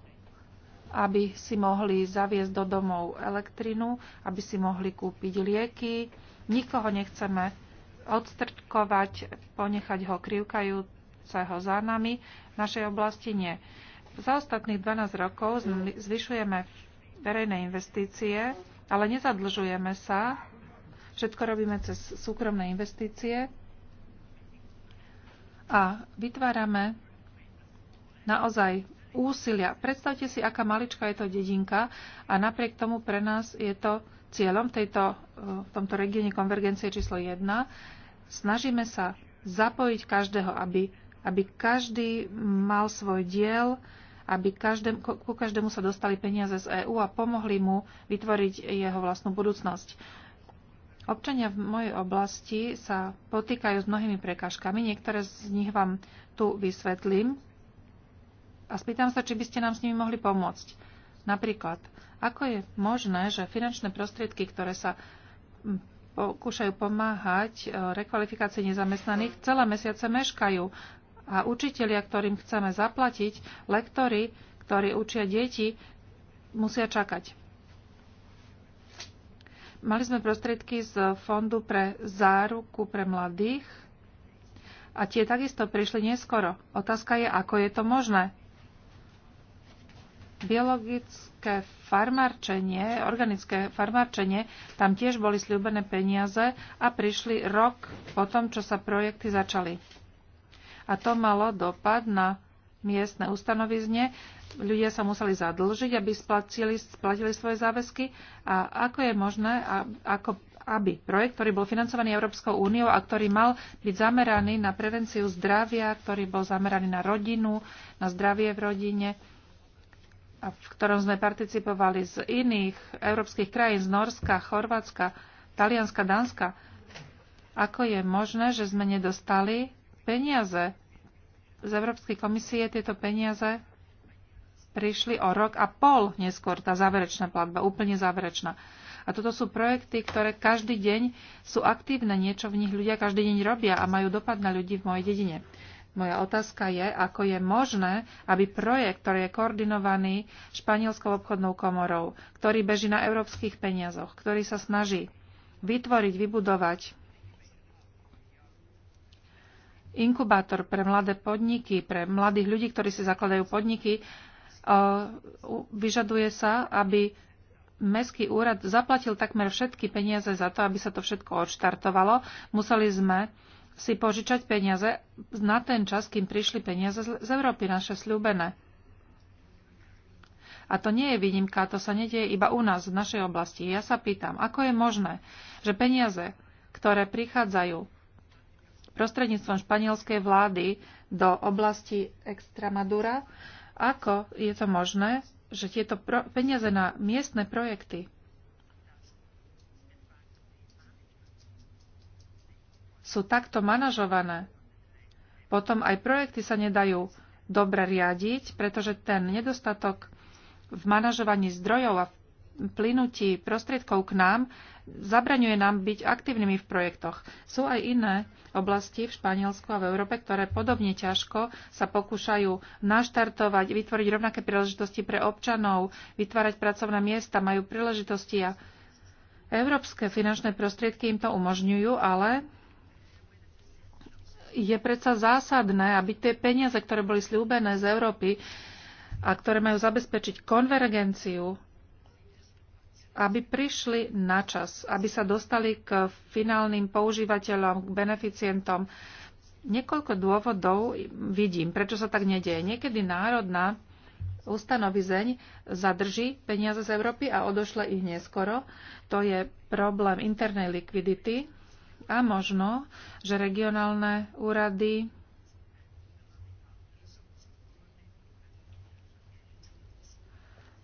aby si mohli zaviesť do domov elektrinu, aby si mohli kúpiť lieky. Nikoho nechceme odstrkovať, ponechať ho krivkajúceho za nami. V našej oblasti nie. Za ostatných 12 rokov zvyšujeme verejné investície, ale nezadlžujeme sa Všetko robíme cez súkromné investície a vytvárame naozaj úsilia. Predstavte si, aká malička je to dedinka a napriek tomu pre nás je to cieľom tejto, v tomto regióne konvergencie číslo 1. Snažíme sa zapojiť každého, aby, aby každý mal svoj diel, aby každém, ku každému sa dostali peniaze z EÚ a pomohli mu vytvoriť jeho vlastnú budúcnosť. Občania v mojej oblasti sa potýkajú s mnohými prekážkami, niektoré z nich vám tu vysvetlím a spýtam sa, či by ste nám s nimi mohli pomôcť. Napríklad, ako je možné, že finančné prostriedky, ktoré sa pokúšajú pomáhať e, rekvalifikácii nezamestnaných, celé mesiace meškajú a učitelia, ktorým chceme zaplatiť, lektory, ktorí učia deti, musia čakať. Mali sme prostriedky z Fondu pre záruku pre mladých a tie takisto prišli neskoro. Otázka je, ako je to možné. Biologické farmárčenie, organické farmárčenie, tam tiež boli slúbené peniaze a prišli rok po tom, čo sa projekty začali. A to malo dopad na miestne ustanovizne. Ľudia sa museli zadlžiť, aby splatili, splatili svoje záväzky. A ako je možné, a, ako, aby projekt, ktorý bol financovaný Európskou úniou a ktorý mal byť zameraný na prevenciu zdravia, ktorý bol zameraný na rodinu, na zdravie v rodine, a v ktorom sme participovali z iných európskych krajín, z Norska, Chorvátska, Talianska, Dánska, ako je možné, že sme nedostali peniaze z Európskej komisie tieto peniaze prišli o rok a pol neskôr, tá záverečná platba, úplne záverečná. A toto sú projekty, ktoré každý deň sú aktívne, niečo v nich ľudia každý deň robia a majú dopad na ľudí v mojej dedine. Moja otázka je, ako je možné, aby projekt, ktorý je koordinovaný Španielskou obchodnou komorou, ktorý beží na európskych peniazoch, ktorý sa snaží vytvoriť, vybudovať inkubátor pre mladé podniky, pre mladých ľudí, ktorí si zakladajú podniky, e, vyžaduje sa, aby Mestský úrad zaplatil takmer všetky peniaze za to, aby sa to všetko odštartovalo. Museli sme si požičať peniaze na ten čas, kým prišli peniaze z Európy, naše slúbené. A to nie je výnimka, to sa nedieje iba u nás, v našej oblasti. Ja sa pýtam, ako je možné, že peniaze, ktoré prichádzajú prostredníctvom španielskej vlády do oblasti Extramadura. Ako je to možné, že tieto peniaze na miestne projekty sú takto manažované? Potom aj projekty sa nedajú dobre riadiť, pretože ten nedostatok v manažovaní zdrojov a v plynutí prostriedkov k nám zabraňuje nám byť aktívnymi v projektoch. Sú aj iné oblasti v Španielsku a v Európe, ktoré podobne ťažko sa pokúšajú naštartovať, vytvoriť rovnaké príležitosti pre občanov, vytvárať pracovné miesta, majú príležitosti a európske finančné prostriedky im to umožňujú, ale je predsa zásadné, aby tie peniaze, ktoré boli slúbené z Európy a ktoré majú zabezpečiť konvergenciu aby prišli na čas, aby sa dostali k finálnym používateľom, k beneficientom. Niekoľko dôvodov vidím, prečo sa tak nedieje. Niekedy národná ustanovizeň zadrží peniaze z Európy a odošle ich neskoro. To je problém internej likvidity a možno, že regionálne úrady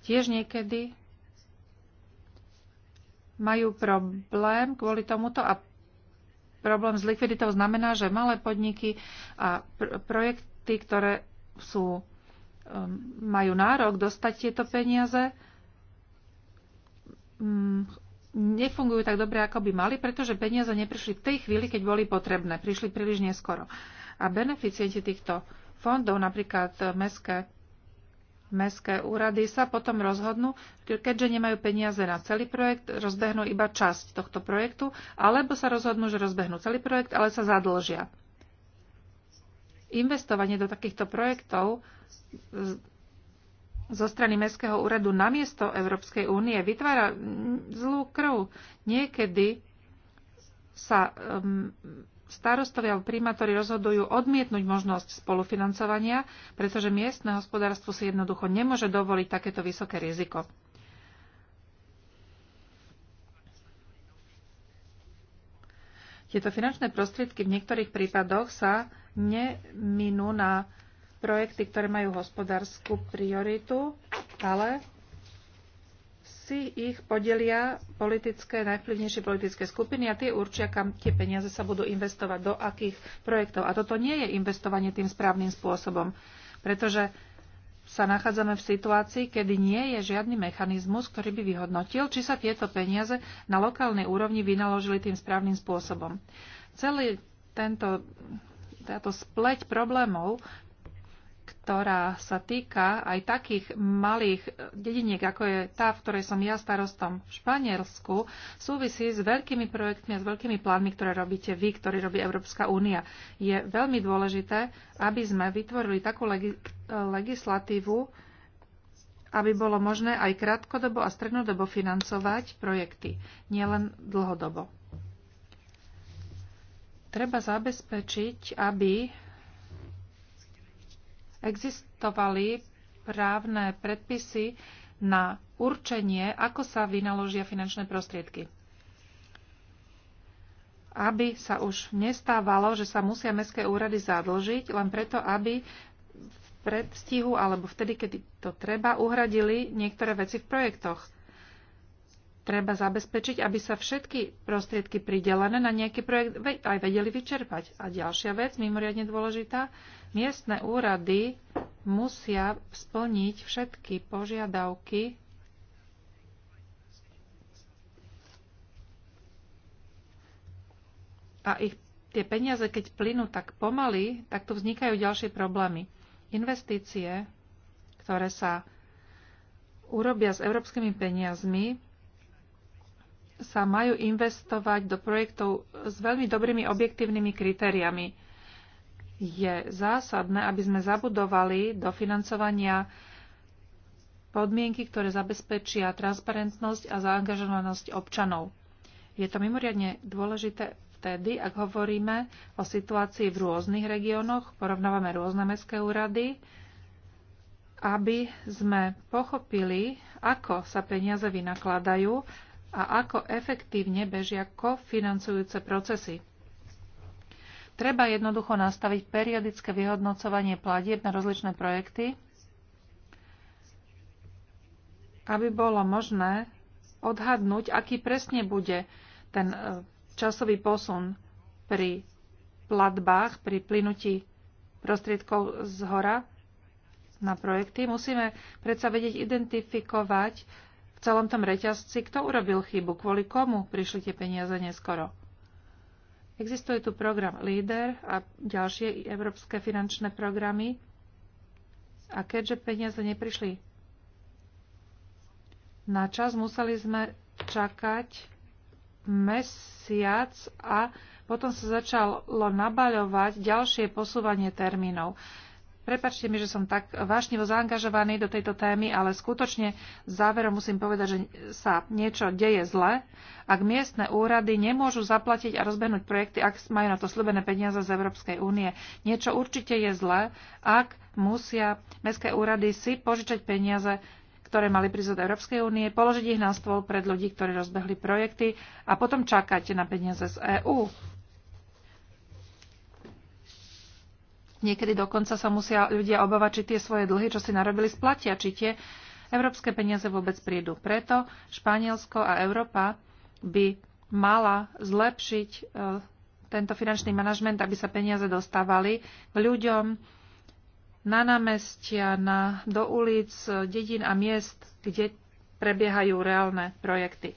tiež niekedy majú problém kvôli tomuto a problém s likviditou znamená, že malé podniky a pr- projekty, ktoré sú, um, majú nárok dostať tieto peniaze, um, nefungujú tak dobre, ako by mali, pretože peniaze neprišli v tej chvíli, keď boli potrebné. Prišli príliš neskoro. A beneficienti týchto fondov, napríklad mestské Mestské úrady sa potom rozhodnú, keďže nemajú peniaze na celý projekt, rozbehnú iba časť tohto projektu, alebo sa rozhodnú, že rozbehnú celý projekt, ale sa zadlžia. Investovanie do takýchto projektov zo strany Mestského úradu na miesto Európskej únie vytvára zlú krv. Niekedy sa um, starostovia alebo primátori rozhodujú odmietnúť možnosť spolufinancovania, pretože miestne hospodárstvo si jednoducho nemôže dovoliť takéto vysoké riziko. Tieto finančné prostriedky v niektorých prípadoch sa neminú na projekty, ktoré majú hospodárskú prioritu, ale si ich podelia politické, najvplyvnejšie politické skupiny a tie určia, kam tie peniaze sa budú investovať, do akých projektov. A toto nie je investovanie tým správnym spôsobom, pretože sa nachádzame v situácii, kedy nie je žiadny mechanizmus, ktorý by vyhodnotil, či sa tieto peniaze na lokálnej úrovni vynaložili tým správnym spôsobom. Celý tento, táto spleť problémov ktorá sa týka aj takých malých dediniek, ako je tá, v ktorej som ja starostom v Španielsku, súvisí s veľkými projektmi a s veľkými plánmi, ktoré robíte vy, ktorý robí Európska únia. Je veľmi dôležité, aby sme vytvorili takú legi- legislatívu, aby bolo možné aj krátkodobo a strednodobo financovať projekty, nielen dlhodobo. Treba zabezpečiť, aby existovali právne predpisy na určenie, ako sa vynaložia finančné prostriedky. Aby sa už nestávalo, že sa musia mestské úrady zadlžiť, len preto, aby v predstihu alebo vtedy, kedy to treba, uhradili niektoré veci v projektoch treba zabezpečiť, aby sa všetky prostriedky pridelené na nejaký projekt aj vedeli vyčerpať. A ďalšia vec, mimoriadne dôležitá, miestne úrady musia splniť všetky požiadavky a ich tie peniaze, keď plynú tak pomaly, tak tu vznikajú ďalšie problémy. Investície, ktoré sa urobia s európskymi peniazmi, sa majú investovať do projektov s veľmi dobrými objektívnymi kritériami. Je zásadné, aby sme zabudovali do financovania podmienky, ktoré zabezpečia transparentnosť a zaangažovanosť občanov. Je to mimoriadne dôležité vtedy, ak hovoríme o situácii v rôznych regiónoch, porovnávame rôzne mestské úrady, aby sme pochopili, ako sa peniaze vynakladajú a ako efektívne bežia kofinancujúce procesy. Treba jednoducho nastaviť periodické vyhodnocovanie platieb na rozličné projekty, aby bolo možné odhadnúť, aký presne bude ten e, časový posun pri platbách, pri plynutí prostriedkov z hora na projekty. Musíme predsa vedieť identifikovať v celom tom reťazci, kto urobil chybu, kvôli komu prišli tie peniaze neskoro. Existuje tu program LEADER a ďalšie európske finančné programy. A keďže peniaze neprišli na čas, museli sme čakať mesiac a potom sa začalo nabaľovať ďalšie posúvanie termínov. Prepačte mi, že som tak vášnivo zaangažovaný do tejto témy, ale skutočne záverom musím povedať, že sa niečo deje zle, ak miestne úrady nemôžu zaplatiť a rozbehnúť projekty, ak majú na to slúbené peniaze z Európskej únie. Niečo určite je zle, ak musia mestské úrady si požičať peniaze ktoré mali prísť od Európskej únie, položiť ich na stôl pred ľudí, ktorí rozbehli projekty a potom čakáte na peniaze z EÚ. Niekedy dokonca sa musia ľudia obávať, či tie svoje dlhy, čo si narobili, splatia, či tie európske peniaze vôbec prídu. Preto Španielsko a Európa by mala zlepšiť e, tento finančný manažment, aby sa peniaze dostávali k ľuďom, na námestia, na, do ulic, e, dedín a miest, kde prebiehajú reálne projekty.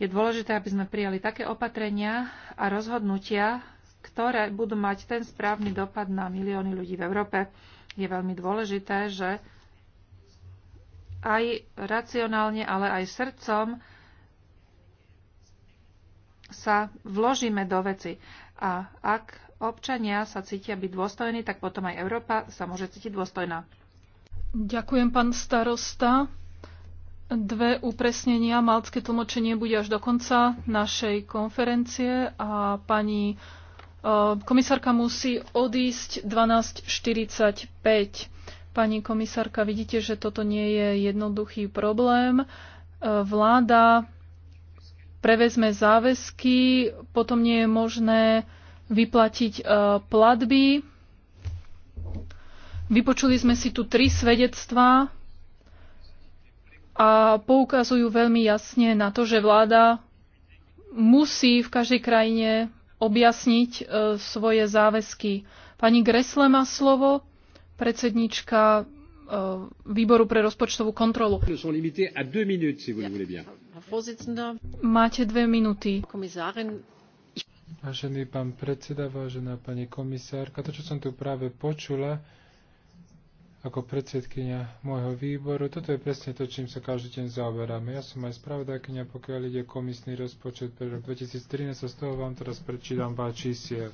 Je dôležité, aby sme prijali také opatrenia a rozhodnutia, ktoré budú mať ten správny dopad na milióny ľudí v Európe. Je veľmi dôležité, že aj racionálne, ale aj srdcom sa vložíme do veci. A ak občania sa cítia byť dôstojní, tak potom aj Európa sa môže cítiť dôstojná. Ďakujem, pán starosta. Dve upresnenia. Malcké tlmočenie bude až do konca našej konferencie a pani Komisárka musí odísť 12.45. Pani komisárka, vidíte, že toto nie je jednoduchý problém. Vláda prevezme záväzky, potom nie je možné vyplatiť platby. Vypočuli sme si tu tri svedectvá a poukazujú veľmi jasne na to, že vláda musí v každej krajine objasniť e, svoje záväzky. Pani Gresle má slovo, predsednička e, výboru pre rozpočtovú kontrolu. Máte dve minúty. Vážený pán predseda, vážená pani komisárka, to, čo som tu práve počula, ako predsedkynia môjho výboru. Toto je presne to, čím sa každý deň zaoberáme. Ja som aj spravodajkynia, pokiaľ ide komisný rozpočet pre rok 2013 a z toho vám teraz prečítam pár čísiel.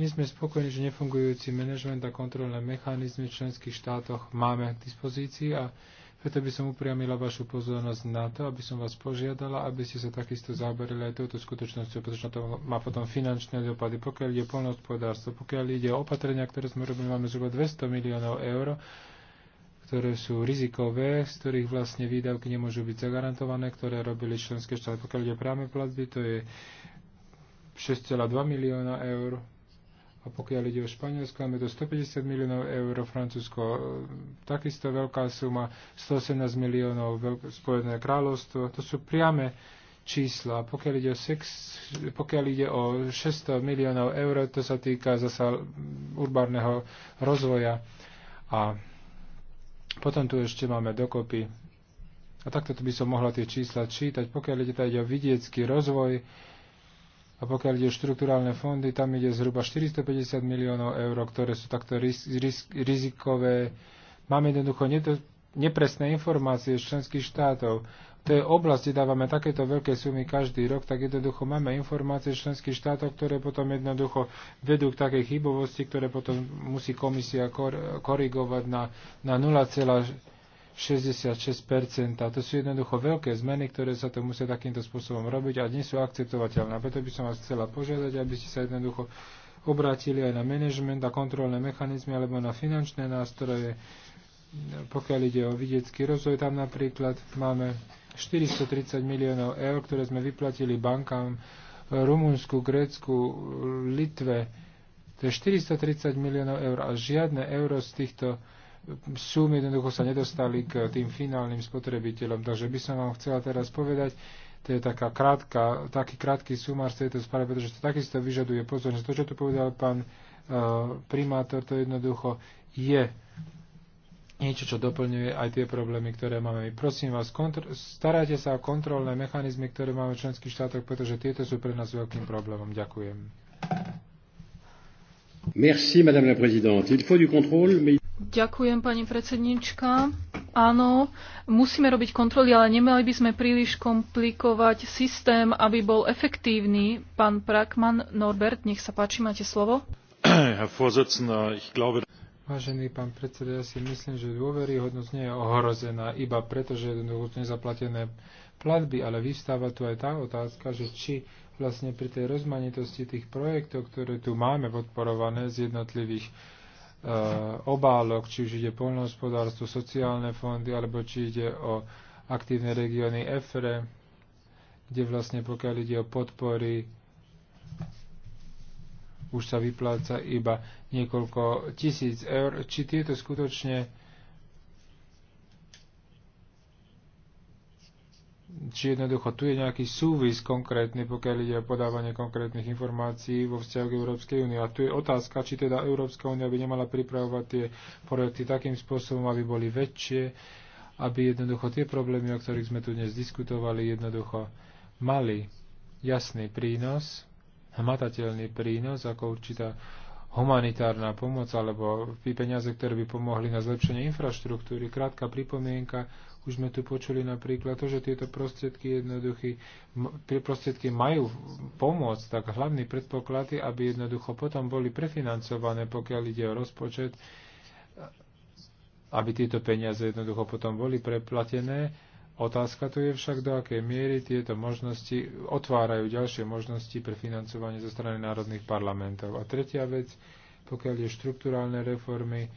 Nie sme spokojní, že nefungujúci manažment a kontrolné mechanizmy v členských štátoch máme k dispozícii a preto by som upriamila vašu pozornosť na to, aby som vás požiadala, aby ste sa takisto zaoberali aj touto skutočnosťou, pretože to má potom finančné dopady. Pokiaľ ide o polnohospodárstvo, pokiaľ ide o opatrenia, ktoré sme robili, máme zhruba 200 miliónov eur, ktoré sú rizikové, z ktorých vlastne výdavky nemôžu byť zagarantované, ktoré robili členské štáty. Pokiaľ ide práve platby, to je 6,2 milióna eur. A pokiaľ ide o Španielsko, máme to 150 miliónov eur, Francúzsko e, takisto veľká suma, 118 miliónov Spojené kráľovstvo. To sú priame čísla. Pokiaľ ide o, sex, pokiaľ ide o 600 miliónov eur, to sa týka zasa urbárneho rozvoja. A potom tu ešte máme dokopy. A takto by som mohla tie čísla čítať. Pokiaľ ide, ide o vidiecký rozvoj, a pokiaľ ide o štruktúrálne fondy, tam ide zhruba 450 miliónov eur, ktoré sú takto riz, riz, rizikové. Máme jednoducho neto- nepresné informácie z členských štátov. V tej oblasti dávame takéto veľké sumy každý rok, tak jednoducho máme informácie z členských štátov, ktoré potom jednoducho vedú k takej chybovosti, ktoré potom musí komisia kor- korigovať na, na 66%. To sú jednoducho veľké zmeny, ktoré sa to musia takýmto spôsobom robiť a nie sú akceptovateľné. Preto by som vás chcela požiadať, aby ste sa jednoducho obrátili aj na manažment a kontrolné mechanizmy alebo na finančné nástroje. Pokiaľ ide o vidiecký rozvoj, tam napríklad máme 430 miliónov eur, ktoré sme vyplatili bankám Rumunsku, Grécku, Litve. To je 430 miliónov eur a žiadne euro z týchto sumy jednoducho sa nedostali k tým finálnym spotrebiteľom. Takže by som vám chcela teraz povedať, to je taká krátka, taký krátky sumár z tejto správy, pretože to takisto vyžaduje pozornosť. To, čo tu povedal pán uh, primátor, to jednoducho je niečo, čo doplňuje aj tie problémy, ktoré máme. Prosím vás, starajte sa o kontrolné mechanizmy, ktoré máme v členských štátoch, pretože tieto sú pre nás veľkým problémom. Ďakujem. Merci, madame la présidente. Il faut du contrôle, mais... Ďakujem, pani predsednička. Áno, musíme robiť kontroly, ale nemali by sme príliš komplikovať systém, aby bol efektívny. Pán Prakman Norbert, nech sa páči, máte slovo. Vážený pán predseda, ja si myslím, že dôveryhodnosť nie je ohrozená iba preto, že jednoducho nezaplatené platby, ale vystáva tu aj tá otázka, že či vlastne pri tej rozmanitosti tých projektov, ktoré tu máme podporované z jednotlivých Eh, obálok, či už ide poľnohospodárstvo, sociálne fondy, alebo či ide o aktívne regióny EFRE, kde vlastne pokiaľ ide o podpory, už sa vypláca iba niekoľko tisíc eur. Či tieto skutočne či jednoducho tu je nejaký súvis konkrétny, pokiaľ ide o podávanie konkrétnych informácií vo vzťahu k Európskej únie. A tu je otázka, či teda Európska únia by nemala pripravovať tie projekty takým spôsobom, aby boli väčšie, aby jednoducho tie problémy, o ktorých sme tu dnes diskutovali, jednoducho mali jasný prínos, hmatateľný prínos ako určitá humanitárna pomoc alebo peniaze, ktoré by pomohli na zlepšenie infraštruktúry. Krátka pripomienka už sme tu počuli napríklad to, že tieto prostriedky tie prostriedky majú pomôcť, tak hlavný predpoklad je, aby jednoducho potom boli prefinancované, pokiaľ ide o rozpočet, aby tieto peniaze jednoducho potom boli preplatené. Otázka tu je však, do akej miery tieto možnosti otvárajú ďalšie možnosti pre financovanie zo strany národných parlamentov. A tretia vec, pokiaľ je štruktúrálne reformy,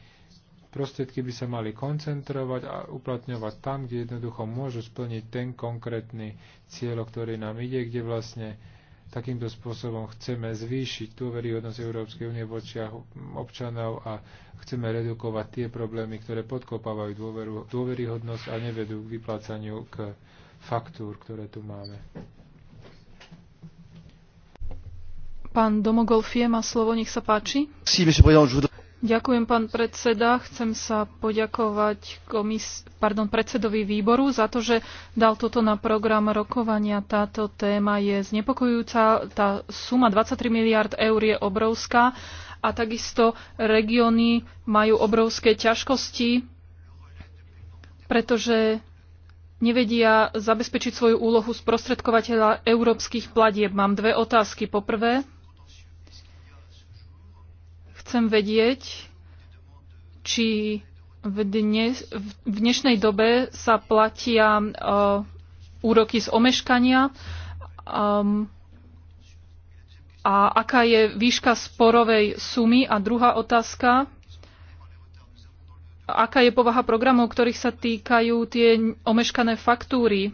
Prostriedky by sa mali koncentrovať a uplatňovať tam, kde jednoducho môžu splniť ten konkrétny cieľ, ktorý nám ide, kde vlastne takýmto spôsobom chceme zvýšiť dôveryhodnosť Európskej únie v očiach občanov a chceme redukovať tie problémy, ktoré podkopávajú dôveru, dôveryhodnosť a nevedú k vyplácaniu k faktúr, ktoré tu máme. Pán Domogolfie má slovo, nech sa páči. Sí, Ďakujem, pán predseda. Chcem sa poďakovať komis- pardon, predsedovi výboru za to, že dal toto na program rokovania. Táto téma je znepokojujúca. Tá suma 23 miliard eur je obrovská a takisto regióny majú obrovské ťažkosti, pretože nevedia zabezpečiť svoju úlohu sprostredkovateľa európskych platieb. Mám dve otázky. Poprvé, Chcem vedieť, či v, dnes, v dnešnej dobe sa platia uh, úroky z omeškania um, a aká je výška sporovej sumy. A druhá otázka, aká je povaha programov, ktorých sa týkajú tie omeškané faktúry.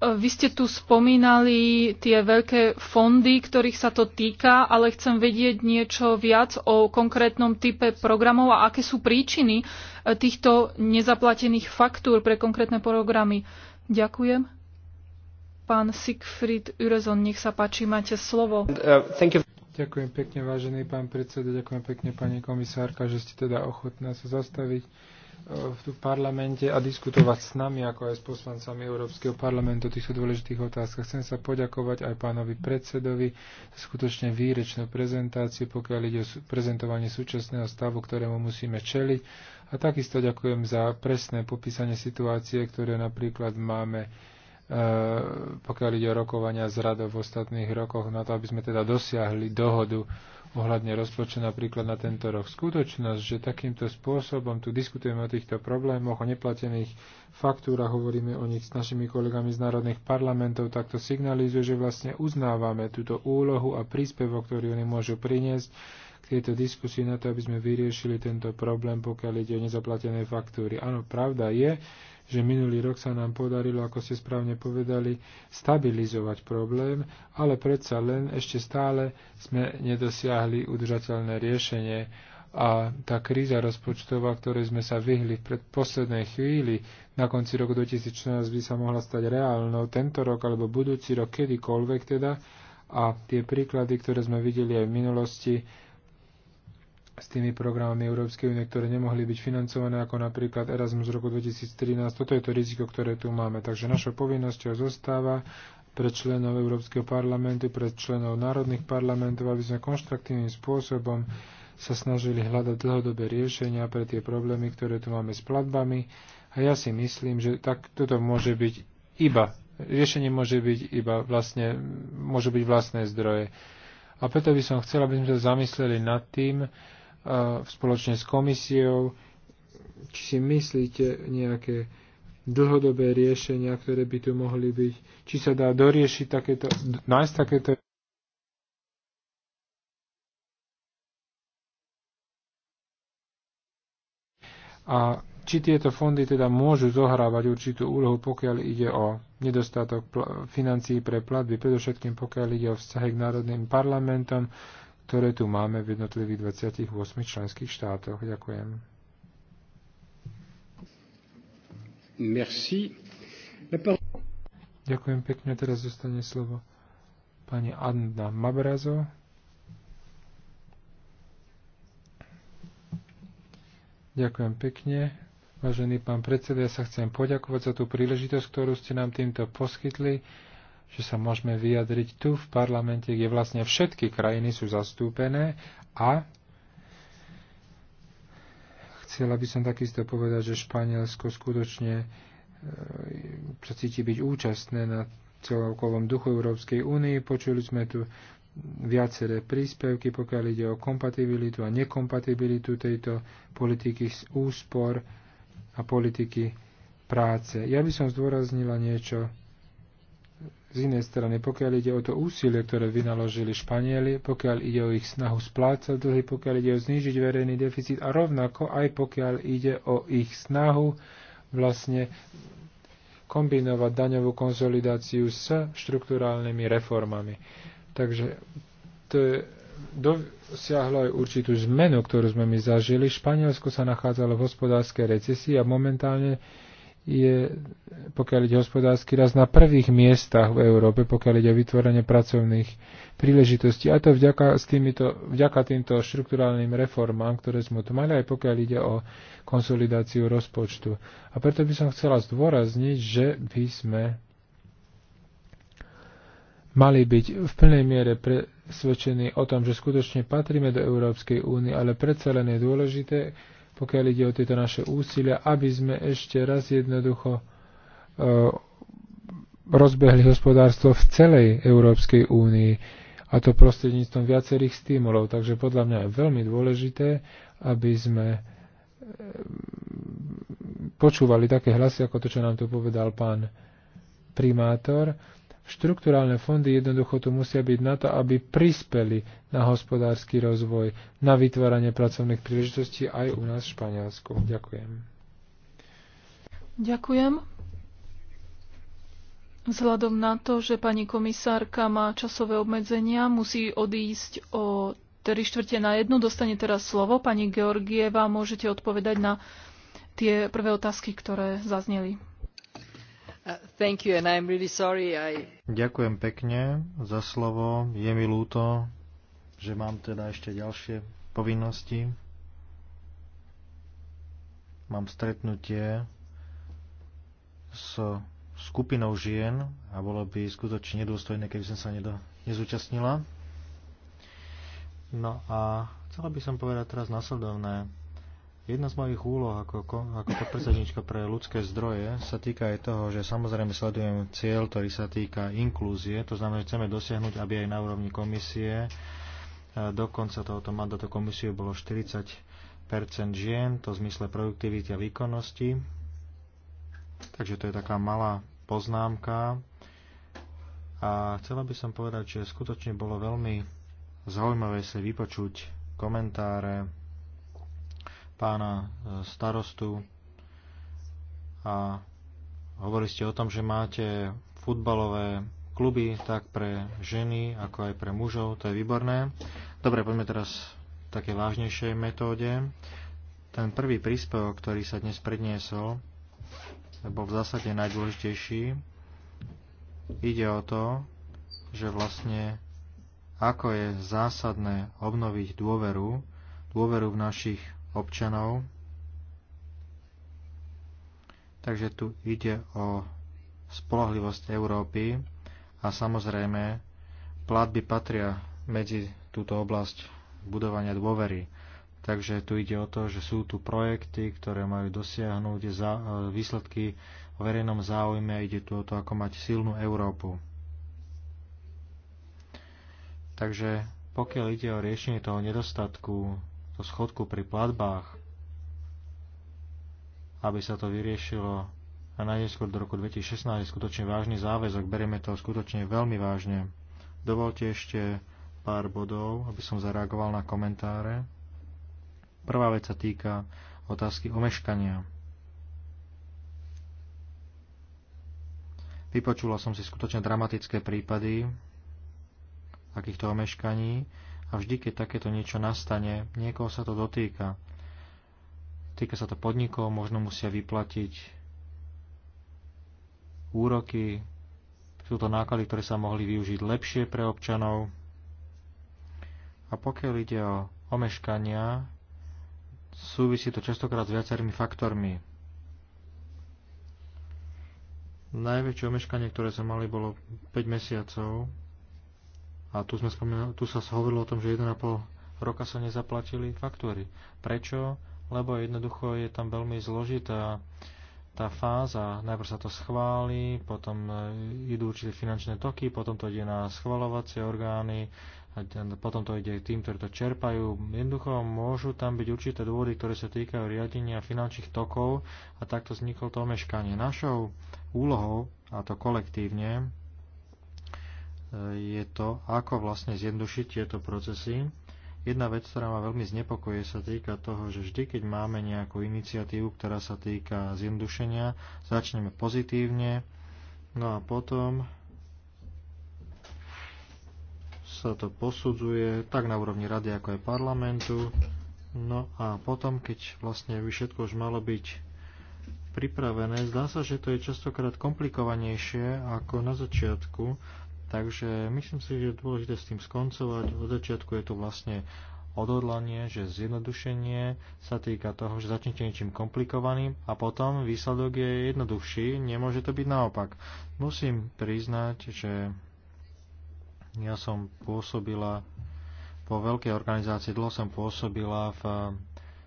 Vy ste tu spomínali tie veľké fondy, ktorých sa to týka, ale chcem vedieť niečo viac o konkrétnom type programov a aké sú príčiny e, týchto nezaplatených faktúr pre konkrétne programy. Ďakujem. Pán Siegfried Urezon, nech sa páči, máte slovo. Uh, ďakujem pekne, vážený pán predseda, ďakujem pekne, pani komisárka, že ste teda ochotná sa zastaviť v tu parlamente a diskutovať s nami, ako aj s poslancami Európskeho parlamentu o týchto dôležitých otázkach. Chcem sa poďakovať aj pánovi predsedovi za skutočne výrečnú prezentáciu, pokiaľ ide o prezentovanie súčasného stavu, ktorému musíme čeliť. A takisto ďakujem za presné popísanie situácie, ktoré napríklad máme eh, pokiaľ ide o rokovania z radov v ostatných rokoch, na to, aby sme teda dosiahli dohodu ohľadne rozpočtu napríklad na tento rok. Skutočnosť, že takýmto spôsobom tu diskutujeme o týchto problémoch, o neplatených faktúrach, hovoríme o nich s našimi kolegami z národných parlamentov, tak to signalizuje, že vlastne uznávame túto úlohu a príspevok, ktorý oni môžu priniesť k tejto diskusii na to, aby sme vyriešili tento problém, pokiaľ ide o nezaplatené faktúry. Áno, pravda je, že minulý rok sa nám podarilo, ako ste správne povedali, stabilizovať problém, ale predsa len ešte stále sme nedosiahli udržateľné riešenie a tá kríza rozpočtová, ktorej sme sa vyhli v predposlednej chvíli, na konci roku 2014 by sa mohla stať reálnou tento rok alebo budúci rok kedykoľvek teda a tie príklady, ktoré sme videli aj v minulosti, s tými programami Európskej únie, ktoré nemohli byť financované, ako napríklad Erasmus z roku 2013. Toto je to riziko, ktoré tu máme. Takže našou povinnosťou zostáva pre členov Európskeho parlamentu, pre členov národných parlamentov, aby sme konštruktívnym spôsobom sa snažili hľadať dlhodobé riešenia pre tie problémy, ktoré tu máme s platbami. A ja si myslím, že tak toto môže byť iba, riešenie môže byť iba vlastne, môžu byť vlastné zdroje. A preto by som chcel, aby sme sa zamysleli nad tým, spoločne s komisiou, či si myslíte nejaké dlhodobé riešenia, ktoré by tu mohli byť, či sa dá doriešiť takéto, nájsť takéto a či tieto fondy teda môžu zohrávať určitú úlohu, pokiaľ ide o nedostatok financií pre platby, predovšetkým pokiaľ ide o vzťahy k národným parlamentom, ktoré tu máme v jednotlivých 28 členských štátoch. Ďakujem. Merci. Ďakujem pekne. Teraz zostane slovo pani Anna Mabrazo. Ďakujem pekne. Vážený pán predseda, ja sa chcem poďakovať za tú príležitosť, ktorú ste nám týmto poskytli že sa môžeme vyjadriť tu v parlamente, kde vlastne všetky krajiny sú zastúpené a chcela by som takisto povedať, že Španielsko skutočne e, sa cíti byť účastné na celokovom duchu Európskej únie. Počuli sme tu viaceré príspevky, pokiaľ ide o kompatibilitu a nekompatibilitu tejto politiky z úspor a politiky práce. Ja by som zdôraznila niečo z inej strany, pokiaľ ide o to úsilie, ktoré vynaložili Španieli, pokiaľ ide o ich snahu splácať dlhy, pokiaľ ide o znížiť verejný deficit a rovnako aj pokiaľ ide o ich snahu vlastne kombinovať daňovú konsolidáciu s štruktúrálnymi reformami. Takže to je, dosiahlo aj určitú zmenu, ktorú sme my zažili. Španielsko sa nachádzalo v hospodárskej recesii a momentálne je, pokiaľ ide hospodársky raz, na prvých miestach v Európe, pokiaľ ide o vytvorenie pracovných príležitostí. A to vďaka, s týmito, vďaka týmto štrukturálnym reformám, ktoré sme tu mali, aj pokiaľ ide o konsolidáciu rozpočtu. A preto by som chcela zdôrazniť, že by sme mali byť v plnej miere presvedčení o tom, že skutočne patríme do Európskej únie, ale predsa len je dôležité, pokiaľ ide o tieto naše úsilia, aby sme ešte raz jednoducho e, rozbehli hospodárstvo v celej Európskej únii a to prostredníctvom viacerých stimulov. Takže podľa mňa je veľmi dôležité, aby sme e, počúvali také hlasy, ako to, čo nám tu povedal pán primátor. Štrukturálne fondy jednoducho tu musia byť na to, aby prispeli na hospodársky rozvoj, na vytváranie pracovných príležitostí aj u nás v Španielsku. Ďakujem. Ďakujem. Vzhľadom na to, že pani komisárka má časové obmedzenia, musí odísť o 3 štvrte na jednu. Dostane teraz slovo. Pani Georgieva, môžete odpovedať na tie prvé otázky, ktoré zazneli. Ďakujem pekne za slovo. Je mi ľúto, že mám teda ešte ďalšie povinnosti. Mám stretnutie s skupinou žien a bolo by skutočne nedôstojné, keby som sa nedo, nezúčastnila. No a chcela by som povedať teraz nasledovné. Jedna z mojich úloh ako, ako podpredsednička pre ľudské zdroje sa týka aj toho, že samozrejme sledujem cieľ, ktorý sa týka inklúzie, to znamená, že chceme dosiahnuť, aby aj na úrovni komisie e, do konca tohoto mandátu komisiu bolo 40 žien, to v zmysle produktivity a výkonnosti. Takže to je taká malá poznámka. A chcela by som povedať, že skutočne bolo veľmi zaujímavé si vypočuť komentáre pána e, starostu a hovorili ste o tom, že máte futbalové kluby tak pre ženy, ako aj pre mužov, to je výborné. Dobre, poďme teraz k také vážnejšej metóde. Ten prvý príspevok, ktorý sa dnes predniesol, bol v zásade najdôležitejší. Ide o to, že vlastne ako je zásadné obnoviť dôveru, dôveru v našich občanov. Takže tu ide o spolahlivosť Európy a samozrejme platby patria medzi túto oblasť budovania dôvery. Takže tu ide o to, že sú tu projekty, ktoré majú dosiahnuť za, e, výsledky o verejnom záujme a ide tu o to, ako mať silnú Európu. Takže pokiaľ ide o riešenie toho nedostatku schodku pri platbách, aby sa to vyriešilo a najdeskôr do roku 2016 je skutočne vážny záväzok, berieme to skutočne veľmi vážne. Dovolte ešte pár bodov, aby som zareagoval na komentáre. Prvá vec sa týka otázky omeškania. Vypočula som si skutočne dramatické prípady takýchto omeškaní a vždy, keď takéto niečo nastane, niekoho sa to dotýka. Týka sa to podnikov, možno musia vyplatiť úroky, sú to náklady, ktoré sa mohli využiť lepšie pre občanov. A pokiaľ ide o omeškania, súvisí to častokrát s viacerými faktormi. Najväčšie omeškanie, ktoré sme mali, bolo 5 mesiacov a tu, sme spomenuli, tu sa hovorilo o tom, že 1,5 roka sa nezaplatili faktúry. Prečo? Lebo jednoducho je tam veľmi zložitá tá fáza, najprv sa to schváli, potom e, idú určité finančné toky, potom to ide na schvalovacie orgány, a potom to ide tým, ktorí to čerpajú. Jednoducho môžu tam byť určité dôvody, ktoré sa týkajú riadenia finančných tokov a takto vzniklo to omeškanie. Našou úlohou, a to kolektívne, je to, ako vlastne zjednodušiť tieto procesy. Jedna vec, ktorá ma veľmi znepokojuje, sa týka toho, že vždy, keď máme nejakú iniciatívu, ktorá sa týka zjednodušenia, začneme pozitívne, no a potom sa to posudzuje tak na úrovni rady, ako aj parlamentu. No a potom, keď vlastne by všetko už malo byť pripravené, zdá sa, že to je častokrát komplikovanejšie ako na začiatku, Takže myslím si, že je dôležité s tým skoncovať. Od začiatku je to vlastne odhodlanie, že zjednodušenie sa týka toho, že začnete niečím komplikovaným a potom výsledok je jednoduchší, nemôže to byť naopak. Musím priznať, že ja som pôsobila po veľkej organizácii, dlho som pôsobila v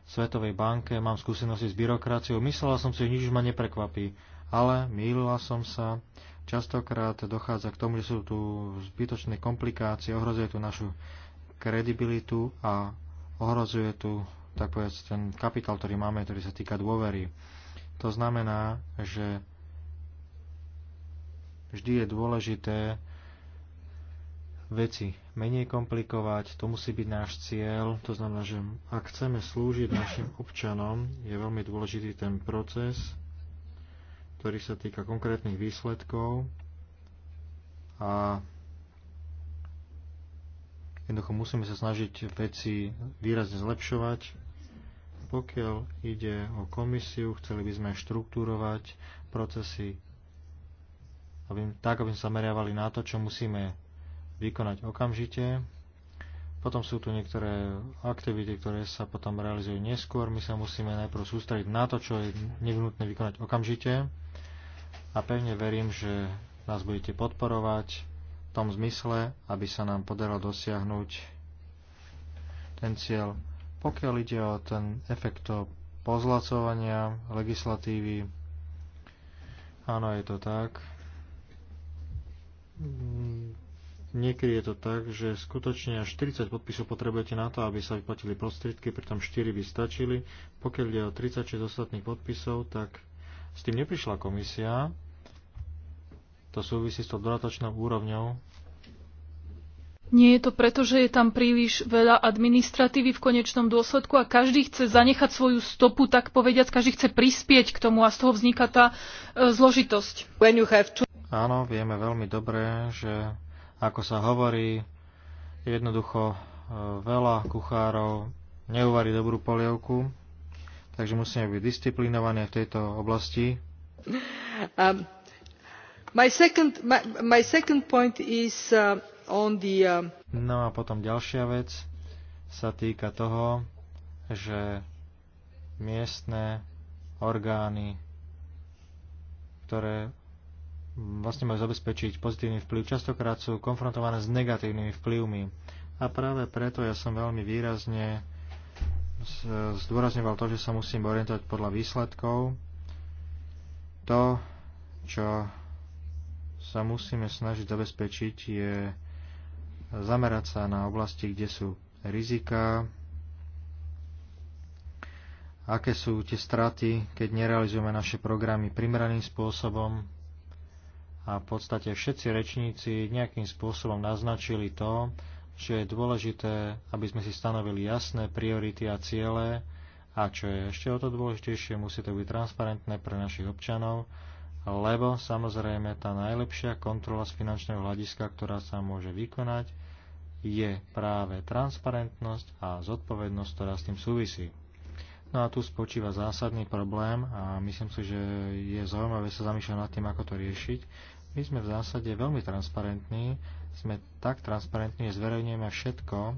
Svetovej banke, mám skúsenosti s byrokraciou, myslela som si, že nič už ma neprekvapí, ale mýlila som sa, Častokrát dochádza k tomu, že sú tu zbytočné komplikácie, ohrozuje tu našu kredibilitu a ohrozuje tu tak povedať, ten kapitál, ktorý máme, ktorý sa týka dôvery. To znamená, že vždy je dôležité veci menej komplikovať, to musí byť náš cieľ, to znamená, že ak chceme slúžiť našim občanom, je veľmi dôležitý ten proces, ktorý sa týka konkrétnych výsledkov a jednoducho musíme sa snažiť veci výrazne zlepšovať. Pokiaľ ide o komisiu, chceli by sme štruktúrovať procesy aby, tak, aby sme meriavali na to, čo musíme vykonať okamžite. Potom sú tu niektoré aktivity, ktoré sa potom realizujú neskôr. My sa musíme najprv sústrediť na to, čo je nevnutné vykonať okamžite a pevne verím, že nás budete podporovať v tom zmysle, aby sa nám podarilo dosiahnuť ten cieľ. Pokiaľ ide o ten efekt pozlacovania legislatívy, áno, je to tak. Niekedy je to tak, že skutočne až 40 podpisov potrebujete na to, aby sa vyplatili prostriedky, pritom 4 by stačili. Pokiaľ ide o 36 ostatných podpisov, tak s tým neprišla komisia. To súvisí s tou dodatočnou úrovňou. Nie je to preto, že je tam príliš veľa administratívy v konečnom dôsledku a každý chce zanechať svoju stopu, tak povediac, každý chce prispieť k tomu a z toho vzniká tá e, zložitosť. Áno, vieme veľmi dobre, že ako sa hovorí, jednoducho e, veľa kuchárov neuvarí dobrú polievku, takže musíme byť disciplinovaní v tejto oblasti. Um, my second, my, my second point is uh, on the... Uh... No a potom ďalšia vec sa týka toho, že miestne orgány, ktoré vlastne majú zabezpečiť pozitívny vplyv, častokrát sú konfrontované s negatívnymi vplyvmi. A práve preto ja som veľmi výrazne zdôrazňoval to, že sa musím orientovať podľa výsledkov. To, čo sa musíme snažiť zabezpečiť, je zamerať sa na oblasti, kde sú rizika, aké sú tie straty, keď nerealizujeme naše programy primeraným spôsobom. A v podstate všetci rečníci nejakým spôsobom naznačili to, že je dôležité, aby sme si stanovili jasné priority a ciele a čo je ešte o to dôležitejšie, musí to byť transparentné pre našich občanov, lebo samozrejme tá najlepšia kontrola z finančného hľadiska, ktorá sa môže vykonať, je práve transparentnosť a zodpovednosť, ktorá s tým súvisí. No a tu spočíva zásadný problém a myslím si, že je zaujímavé sa zamýšľať nad tým, ako to riešiť. My sme v zásade veľmi transparentní, sme tak transparentní, že zverejňujeme všetko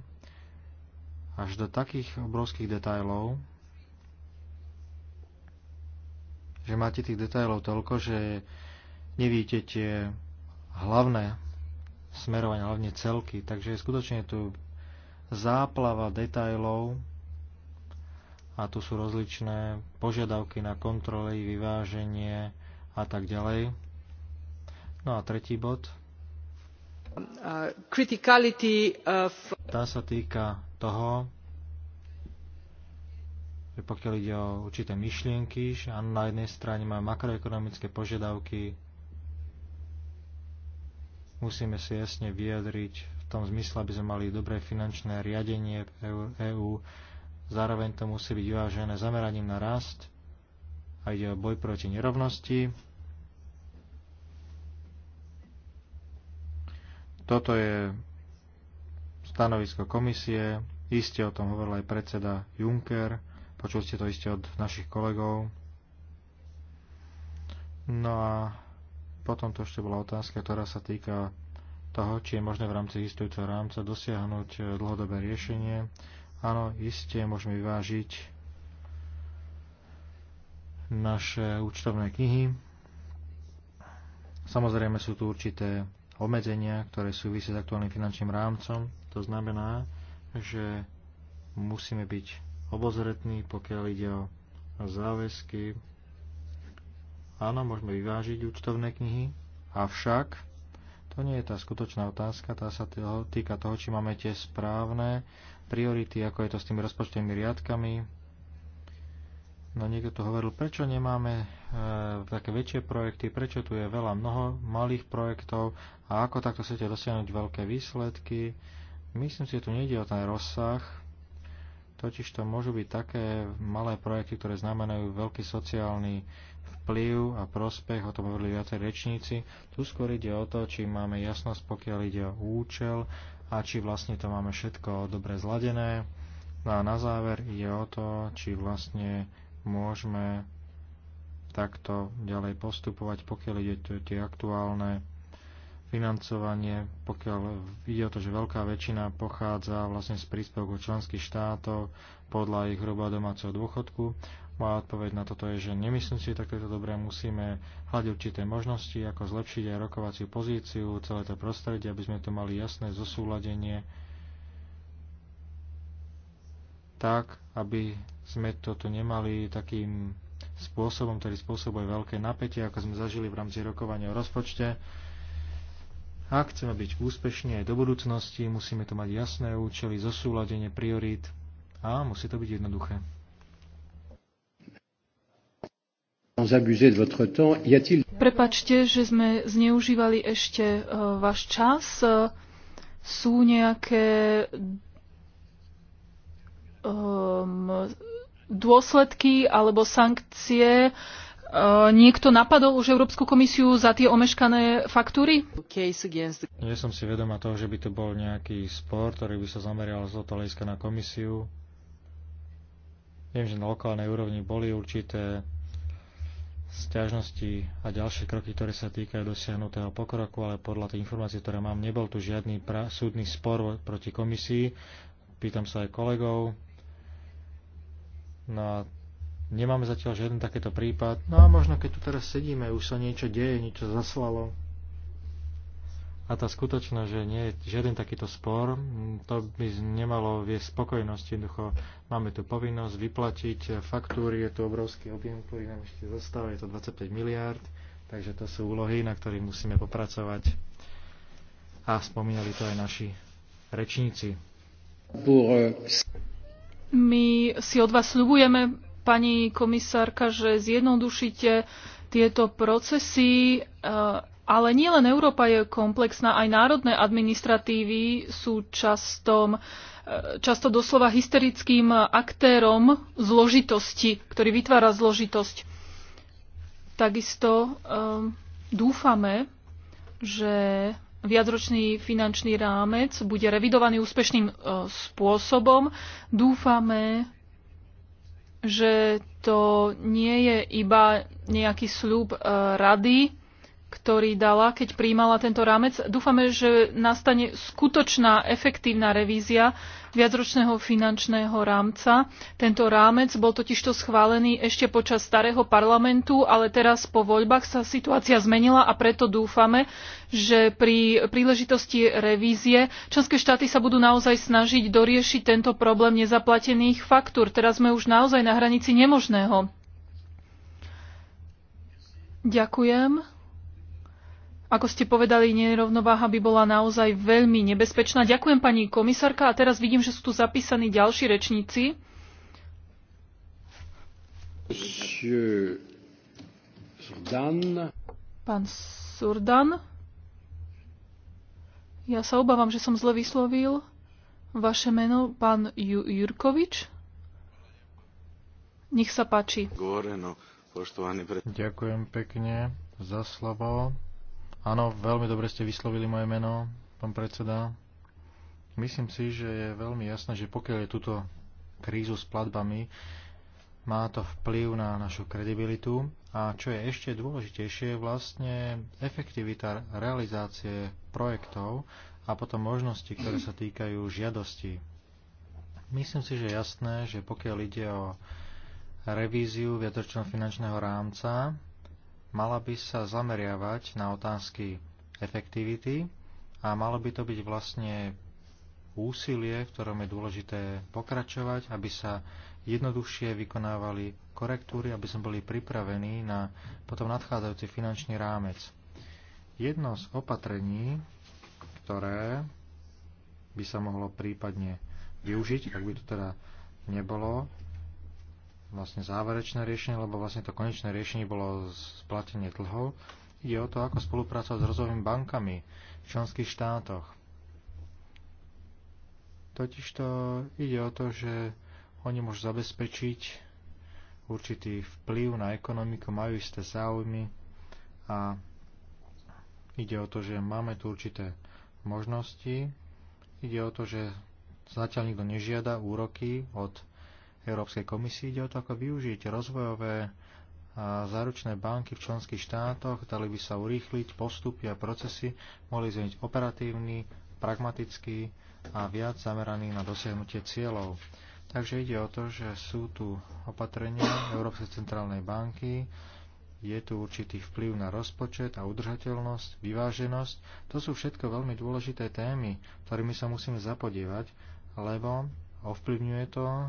až do takých obrovských detajlov, že máte tých detajlov toľko, že nevíte tie hlavné smerovania, hlavne celky. Takže skutočne je tu záplava detajlov, a tu sú rozličné požiadavky na kontroly, vyváženie a tak ďalej. No a tretí bod. Uh, tá sa týka toho, že pokiaľ ide o určité myšlienky, že na jednej strane máme makroekonomické požiadavky, musíme si jasne vyjadriť v tom zmysle, aby sme mali dobré finančné riadenie EÚ, Zároveň to musí byť vyvážené zameraním na rast a ide o boj proti nerovnosti. Toto je stanovisko komisie. Iste o tom hovoril aj predseda Juncker. Počul ste to iste od našich kolegov. No a potom to ešte bola otázka, ktorá sa týka toho, či je možné v rámci existujúceho rámca dosiahnuť dlhodobé riešenie. Áno, isté môžeme vyvážiť naše účtovné knihy. Samozrejme sú tu určité obmedzenia, ktoré súvisia s aktuálnym finančným rámcom. To znamená, že musíme byť obozretní, pokiaľ ide o záväzky. Áno, môžeme vyvážiť účtovné knihy, avšak to nie je tá skutočná otázka, tá sa týka toho, či máme tie správne priority, ako je to s tými rozpočtovými riadkami. No niekto to hovoril, prečo nemáme e, také väčšie projekty, prečo tu je veľa mnoho malých projektov a ako takto chcete dosiahnuť veľké výsledky. Myslím si, že tu nejde o ten rozsah, totiž to môžu byť také malé projekty, ktoré znamenajú veľký sociálny vplyv a prospech, o tom hovorili viacej rečníci. Tu skôr ide o to, či máme jasnosť, pokiaľ ide o účel, a či vlastne to máme všetko dobre zladené. No a na záver ide o to, či vlastne môžeme takto ďalej postupovať, pokiaľ ide o tie aktuálne financovanie, pokiaľ ide o to, že veľká väčšina pochádza vlastne z príspevkov členských štátov podľa ich hruba domáceho dôchodku moja odpoveď na toto je, že nemyslím si, takéto dobré, musíme hľadiť určité možnosti, ako zlepšiť aj rokovaciu pozíciu, celé to prostredie, aby sme to mali jasné zosúladenie, tak, aby sme toto nemali takým spôsobom, ktorý spôsobuje veľké napätie, ako sme zažili v rámci rokovania o rozpočte. Ak chceme byť úspešní aj do budúcnosti, musíme to mať jasné účely, zosúladenie priorít a musí to byť jednoduché. sans abuser de votre temps, y a-t-il... Prepačte, že sme zneužívali ešte uh, váš čas. Uh, sú nejaké um, dôsledky alebo sankcie? Uh, niekto napadol už Európsku komisiu za tie omeškané faktúry? Nie som si vedoma toho, že by to bol nejaký spor, ktorý by sa zameral z otolejska na komisiu. Viem, že na lokálnej úrovni boli určité Sťažnosti a ďalšie kroky, ktoré sa týkajú dosiahnutého pokroku, ale podľa tej informácie, ktoré mám, nebol tu žiadny súdny spor proti komisii. Pýtam sa aj kolegov. No a nemáme zatiaľ žiaden takýto prípad. No a možno keď tu teraz sedíme, už sa niečo deje, niečo zaslalo. A tá skutočnosť, že nie je žiaden takýto spor, to by nemalo viesť spokojnosti. Jednoducho máme tu povinnosť vyplatiť faktúry, je tu obrovský objem, ktorý nám ešte zostáva, je to 25 miliárd, takže to sú úlohy, na ktorých musíme popracovať. A spomínali to aj naši rečníci. Euh, My si od vás sľubujeme, pani komisárka, že zjednodušíte tieto procesy ale nielen Európa je komplexná, aj národné administratívy sú často, e, často doslova hysterickým aktérom zložitosti, ktorý vytvára zložitosť. Takisto um, dúfame, že viacročný finančný rámec bude revidovaný úspešným uh, spôsobom. Dúfame, že to nie je iba nejaký sľub uh, rady, ktorý dala, keď príjmala tento rámec. Dúfame, že nastane skutočná efektívna revízia viacročného finančného rámca. Tento rámec bol totižto schválený ešte počas starého parlamentu, ale teraz po voľbách sa situácia zmenila a preto dúfame, že pri príležitosti revízie členské štáty sa budú naozaj snažiť doriešiť tento problém nezaplatených faktúr. Teraz sme už naozaj na hranici nemožného. Ďakujem. Ako ste povedali, nerovnováha by bola naozaj veľmi nebezpečná. Ďakujem pani komisárka a teraz vidím, že sú tu zapísaní ďalší rečníci. Pán Surdan. Ja sa obávam, že som zle vyslovil vaše meno, pán Ju- Jurkovič. Nech sa páči. No, Ďakujem pekne za slovo Áno, veľmi dobre ste vyslovili moje meno, pán predseda. Myslím si, že je veľmi jasné, že pokiaľ je túto krízu s platbami, má to vplyv na našu kredibilitu a čo je ešte dôležitejšie, je vlastne efektivita realizácie projektov a potom možnosti, ktoré sa týkajú žiadosti. Myslím si, že je jasné, že pokiaľ ide o revíziu viatočného finančného rámca, mala by sa zameriavať na otázky efektivity a malo by to byť vlastne úsilie, v ktorom je dôležité pokračovať, aby sa jednoduchšie vykonávali korektúry, aby sme boli pripravení na potom nadchádzajúci finančný rámec. Jedno z opatrení, ktoré by sa mohlo prípadne využiť, ak by to teda nebolo vlastne záverečné riešenie, lebo vlastne to konečné riešenie bolo splatenie dlhov. Ide o to, ako spolupracovať s rozvojovými bankami v členských štátoch. Totižto ide o to, že oni môžu zabezpečiť určitý vplyv na ekonomiku, majú isté záujmy a ide o to, že máme tu určité možnosti. Ide o to, že zatiaľ nikto nežiada úroky od Európskej komisii. Ide o to, ako využiť rozvojové a záručné banky v členských štátoch, dali by sa urýchliť postupy a procesy, mohli zmeniť operatívny, pragmatický a viac zameraný na dosiahnutie cieľov. Takže ide o to, že sú tu opatrenia Európskej centrálnej banky, je tu určitý vplyv na rozpočet a udržateľnosť, vyváženosť. To sú všetko veľmi dôležité témy, ktorými sa musíme zapodievať, lebo ovplyvňuje to. E,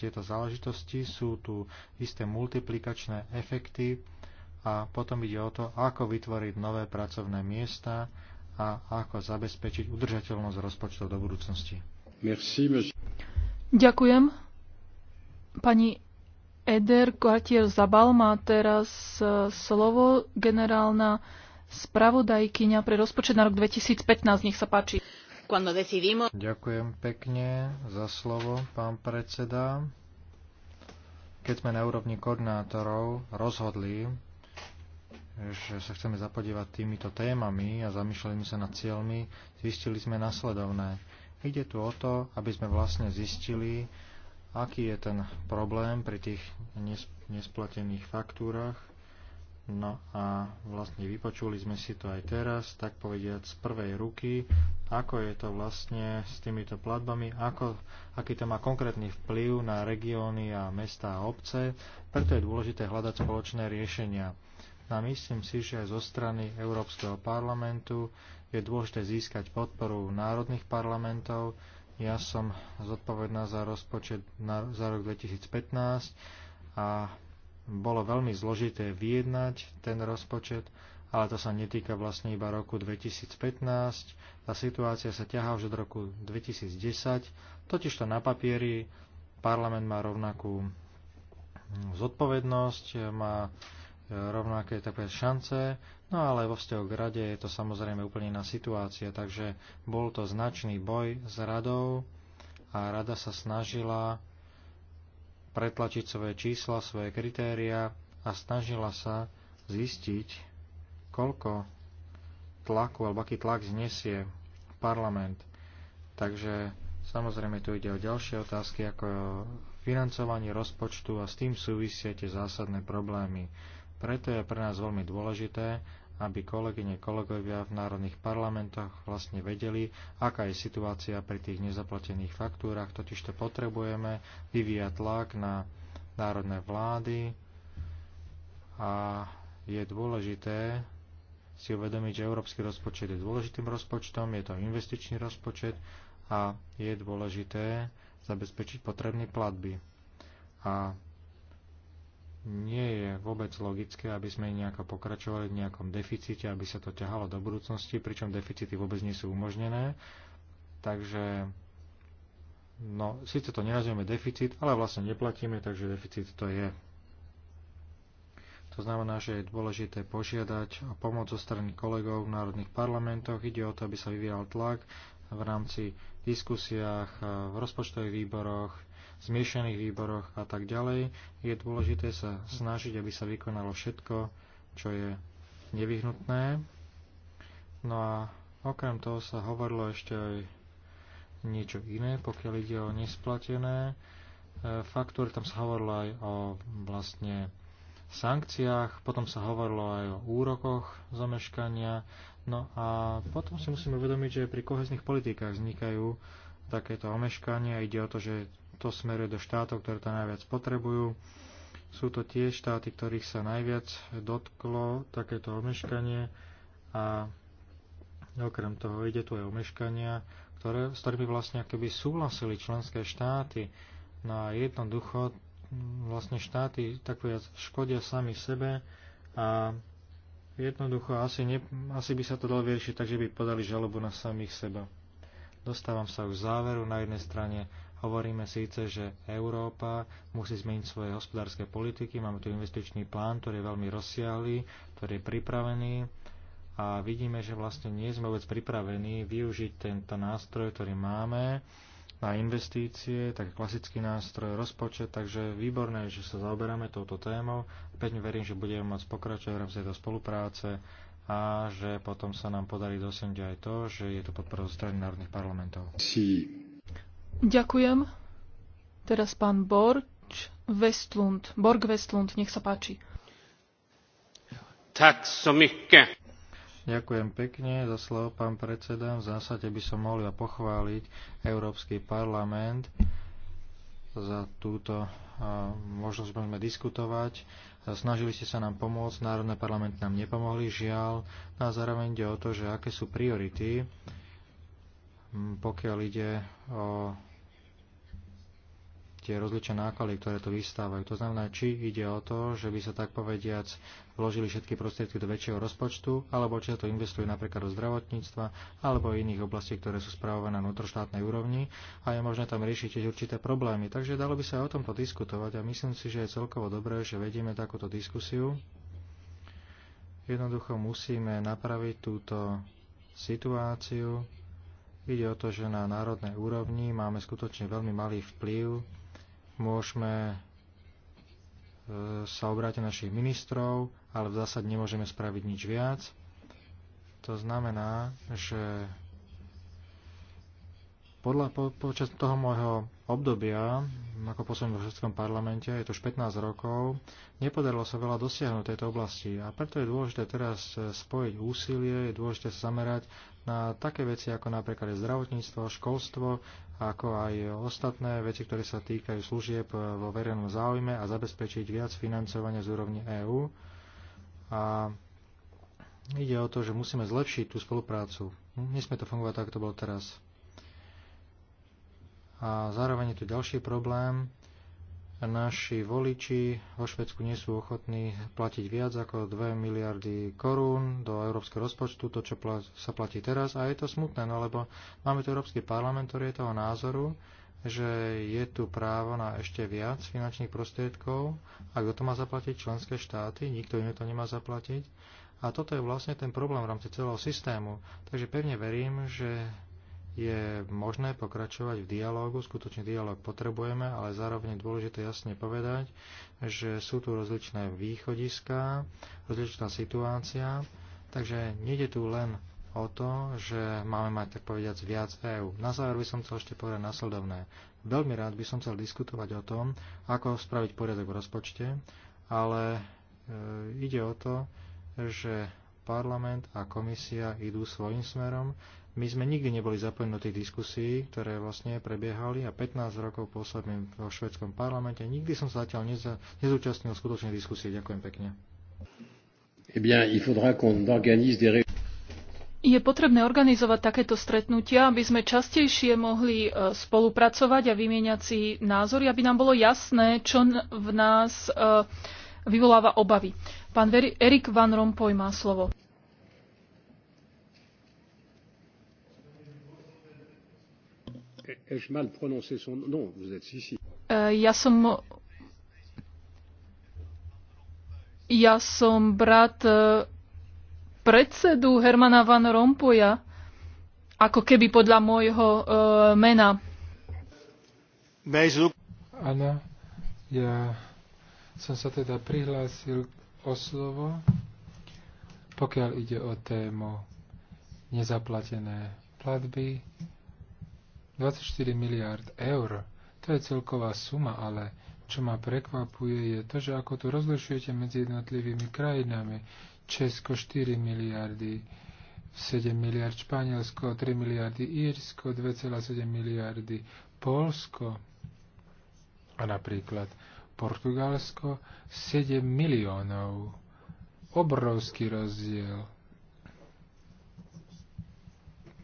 tieto záležitosti sú tu isté multiplikačné efekty a potom ide o to, ako vytvoriť nové pracovné miesta a ako zabezpečiť udržateľnosť rozpočtov do budúcnosti. Merci, Ďakujem. Pani Eder Quartier Zabal má teraz e, slovo generálna spravodajkyňa pre rozpočet na rok 2015. Nech sa páči cuando decidimos... Ďakujem pekne za slovo, pán predseda. Keď sme na úrovni koordinátorov rozhodli, že sa chceme zapodívať týmito témami a zamýšľali sa nad cieľmi, zistili sme nasledovné. Ide tu o to, aby sme vlastne zistili, aký je ten problém pri tých nesplatených faktúrach No a vlastne vypočuli sme si to aj teraz, tak povediať z prvej ruky, ako je to vlastne s týmito platbami, ako, aký to má konkrétny vplyv na regióny a mesta a obce, preto je dôležité hľadať spoločné riešenia. No a myslím si, že aj zo strany Európskeho parlamentu je dôležité získať podporu národných parlamentov. Ja som zodpovedná za rozpočet na, za rok 2015 a bolo veľmi zložité vyjednať ten rozpočet, ale to sa netýka vlastne iba roku 2015. Tá situácia sa ťahá už od roku 2010, totiž to na papieri parlament má rovnakú zodpovednosť, má rovnaké také šance, no ale vo vzťahu k rade je to samozrejme úplne iná situácia, takže bol to značný boj s radou a rada sa snažila pretlačiť svoje čísla, svoje kritéria a snažila sa zistiť, koľko tlaku alebo aký tlak znesie parlament. Takže samozrejme tu ide o ďalšie otázky ako financovanie rozpočtu a s tým súvisia tie zásadné problémy. Preto je pre nás veľmi dôležité, aby kolegyne kolegovia v národných parlamentoch vlastne vedeli, aká je situácia pri tých nezaplatených faktúrach. Totižto potrebujeme vyvíjať tlak na národné vlády a je dôležité si uvedomiť, že európsky rozpočet je dôležitým rozpočtom, je to investičný rozpočet a je dôležité zabezpečiť potrebné platby. A nie je vôbec logické, aby sme nejako pokračovali v nejakom deficite, aby sa to ťahalo do budúcnosti, pričom deficity vôbec nie sú umožnené. Takže, no, síce to nenazývame deficit, ale vlastne neplatíme, takže deficit to je. To znamená, že je dôležité požiadať o pomoc zo strany kolegov v národných parlamentoch. Ide o to, aby sa vyvíjal tlak v rámci diskusiách, v rozpočtových výboroch, zmiešaných výboroch a tak ďalej, je dôležité sa snažiť, aby sa vykonalo všetko, čo je nevyhnutné. No a okrem toho sa hovorilo ešte aj niečo iné, pokiaľ ide o nesplatené e, faktúry, tam sa hovorilo aj o vlastne sankciách, potom sa hovorilo aj o úrokoch zameškania, no a potom si musíme uvedomiť, že pri kohezných politikách vznikajú takéto omeškania, ide o to, že to smeruje do štátov, ktoré to najviac potrebujú. Sú to tie štáty, ktorých sa najviac dotklo takéto omeškanie a okrem toho ide tu aj omeškania, ktoré, s ktorými vlastne akoby súhlasili členské štáty. No jednoducho vlastne štáty tak viac škodia sami sebe a jednoducho asi, ne, asi by sa to dalo vyriešiť tak, že by podali žalobu na samých seba. Dostávam sa už záveru. Na jednej strane Hovoríme síce, že Európa musí zmeniť svoje hospodárske politiky, máme tu investičný plán, ktorý je veľmi rozsiahly, ktorý je pripravený a vidíme, že vlastne nie sme vôbec pripravení využiť tento nástroj, ktorý máme na investície, tak klasický nástroj, rozpočet, takže výborné, že sa zaoberáme touto témou. Pevne verím, že budeme môcť pokračovať v tejto spolupráce a že potom sa nám podarí dosiahnuť aj to, že je to podpora zo strany národných parlamentov. Sí. Ďakujem. Teraz pán Borč Westlund. Borg Westlund, nech sa páči. Tak som ich. Ďakujem pekne za slovo, pán predseda. V zásade by som mohol pochváliť Európsky parlament za túto možnosť môžeme diskutovať. Snažili ste sa nám pomôcť, Národné parlament nám nepomohli, žiaľ. No a zároveň ide o to, že aké sú priority, pokiaľ ide o tie rozličné náklady, ktoré tu vystávajú. To znamená, či ide o to, že by sa tak povediac vložili všetky prostriedky do väčšieho rozpočtu, alebo či sa to investuje napríklad do zdravotníctva alebo iných oblastí, ktoré sú spravované na vnútroštátnej úrovni a je možné tam riešiť tiež určité problémy. Takže dalo by sa aj o tomto diskutovať a myslím si, že je celkovo dobré, že vedieme takúto diskusiu. Jednoducho musíme napraviť túto situáciu. Ide o to, že na národnej úrovni máme skutočne veľmi malý vplyv môžeme e, sa obrátiť našich ministrov, ale v zásade nemôžeme spraviť nič viac. To znamená, že podľa, po, počas toho môjho obdobia, ako poslednom v Európskom parlamente, je to už 15 rokov, nepodarilo sa veľa dosiahnuť tejto oblasti a preto je dôležité teraz spojiť úsilie, je dôležité sa zamerať na také veci ako napríklad zdravotníctvo, školstvo, ako aj ostatné veci, ktoré sa týkajú služieb vo verejnom záujme a zabezpečiť viac financovania z úrovne EÚ. A ide o to, že musíme zlepšiť tú spoluprácu. Nesmie to fungovať tak, to bolo teraz. A zároveň je tu ďalší problém. Naši voliči vo Švedsku nie sú ochotní platiť viac ako 2 miliardy korún do európskeho rozpočtu, to, čo sa platí teraz. A je to smutné, no lebo máme tu Európsky parlament, ktorý je toho názoru, že je tu právo na ešte viac finančných prostriedkov a kto to má zaplatiť? Členské štáty, nikto iný to nemá zaplatiť. A toto je vlastne ten problém v rámci celého systému. Takže pevne verím, že je možné pokračovať v dialógu, skutočne dialóg potrebujeme, ale zároveň je dôležité jasne povedať, že sú tu rozličné východiská, rozličná situácia, takže nejde tu len o to, že máme mať tak povediac viac EÚ. Na záver by som chcel ešte povedať nasledovné. Veľmi rád by som chcel diskutovať o tom, ako spraviť poriadok v rozpočte, ale e, ide o to, že parlament a komisia idú svojim smerom, my sme nikdy neboli zapojení do tých diskusí, ktoré vlastne prebiehali a 15 rokov pôsobím vo švedskom parlamente. Nikdy som sa zatiaľ neza, nezúčastnil skutočne diskusie. Ďakujem pekne. Eh bien, il faudra qu'on organise des je potrebné organizovať takéto stretnutia, aby sme častejšie mohli e, spolupracovať a vymieňať si názory, aby nám bolo jasné, čo v nás e, vyvoláva obavy. Pán Erik Van Rompuy má slovo. Euh, ja som ja som brat e, predsedu Hermana Van Rompuja, ako keby podľa môjho e, mena. Áno, ja som sa teda prihlásil o slovo, pokiaľ ide o tému nezaplatené platby. 24 miliárd eur. To je celková suma, ale čo ma prekvapuje je to, že ako tu rozlišujete medzi jednotlivými krajinami. Česko 4 miliardy, 7 miliard Španielsko, 3 miliardy Írsko, 2,7 miliardy Polsko a napríklad Portugalsko 7 miliónov. Obrovský rozdiel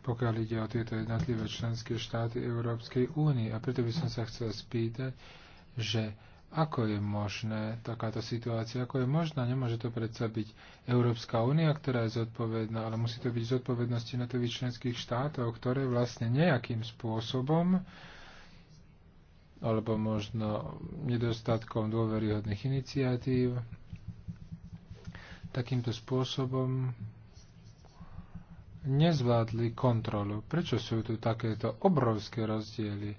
pokiaľ ide o tieto jednotlivé členské štáty Európskej únie. A preto by som sa chcel spýtať, že ako je možné takáto situácia, ako je možná, nemôže to predsa byť Európska únia, ktorá je zodpovedná, ale musí to byť zodpovednosti tých členských štátov, ktoré vlastne nejakým spôsobom alebo možno nedostatkom dôveryhodných iniciatív takýmto spôsobom nezvládli kontrolu. Prečo sú tu takéto obrovské rozdiely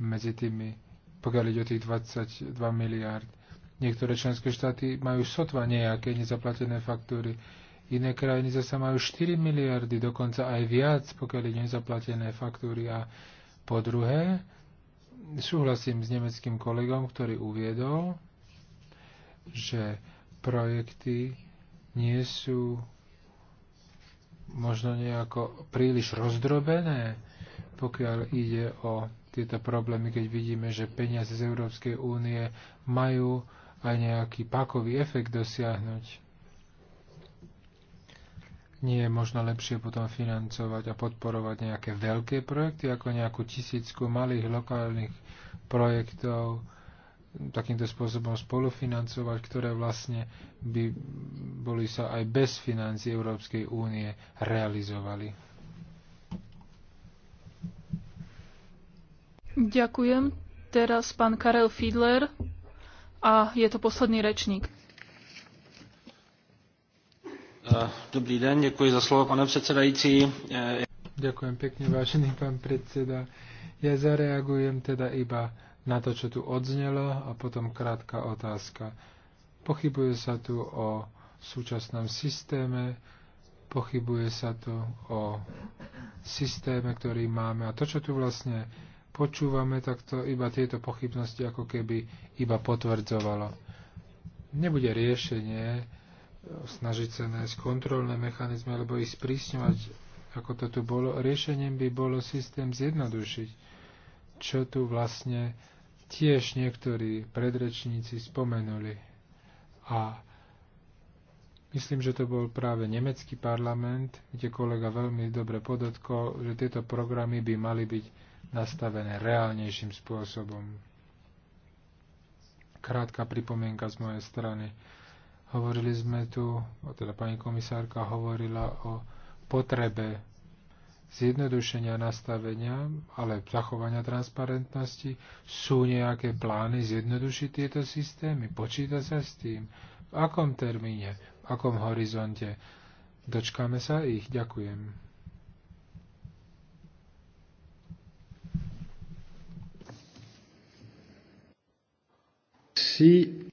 medzi tými, pokiaľ ide o tých 22 miliárd? Niektoré členské štáty majú sotva nejaké nezaplatené faktúry, iné krajiny zase majú 4 miliardy, dokonca aj viac, pokiaľ ide nezaplatené faktúry. A po druhé, súhlasím s nemeckým kolegom, ktorý uviedol, že projekty nie sú možno nejako príliš rozdrobené, pokiaľ ide o tieto problémy, keď vidíme, že peniaze z Európskej únie majú aj nejaký pakový efekt dosiahnuť. Nie je možno lepšie potom financovať a podporovať nejaké veľké projekty, ako nejakú tisícku malých lokálnych projektov, takýmto spôsobom spolufinancovať, ktoré vlastne by boli sa aj bez financí Európskej únie realizovali. Ďakujem. Teraz pán Karel Fiedler a je to posledný rečník. Eh, dobrý deň, ďakujem za slovo, pane predsedajúci. Eh, ďakujem pekne, vážený pán predseda. Ja zareagujem teda iba na to, čo tu odznelo a potom krátka otázka. Pochybuje sa tu o súčasnom systéme, pochybuje sa tu o systéme, ktorý máme a to, čo tu vlastne počúvame, tak to iba tieto pochybnosti ako keby iba potvrdzovalo. Nebude riešenie e, snažiť sa nájsť kontrolné mechanizmy alebo ich sprísňovať, ako to tu bolo. Riešením by bolo systém zjednodušiť, čo tu vlastne tiež niektorí predrečníci spomenuli. A myslím, že to bol práve nemecký parlament, kde kolega veľmi dobre podotkol, že tieto programy by mali byť nastavené reálnejším spôsobom. Krátka pripomienka z mojej strany. Hovorili sme tu, teda pani komisárka hovorila o potrebe zjednodušenia nastavenia, ale zachovania transparentnosti. Sú nejaké plány zjednodušiť tieto systémy? Počíta sa s tým? V akom termíne? V akom horizonte? Dočkáme sa ich? Ďakujem. Si...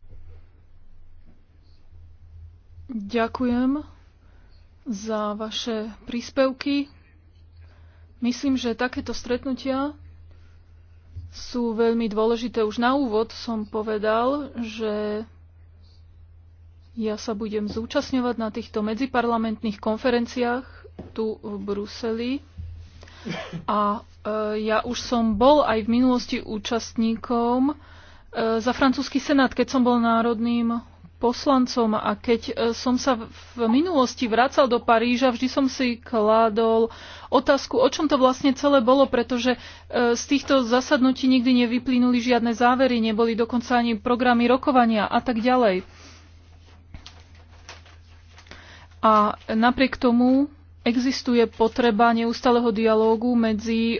Ďakujem za vaše príspevky. Myslím, že takéto stretnutia sú veľmi dôležité. Už na úvod som povedal, že ja sa budem zúčastňovať na týchto medziparlamentných konferenciách tu v Bruseli. A e, ja už som bol aj v minulosti účastníkom e, za francúzsky senát, keď som bol národným poslancom a keď e, som sa v minulosti vracal do Paríža, vždy som si kládol otázku, o čom to vlastne celé bolo, pretože e, z týchto zasadnutí nikdy nevyplynuli žiadne závery, neboli dokonca ani programy rokovania a tak ďalej. A napriek tomu existuje potreba neustáleho dialógu medzi e,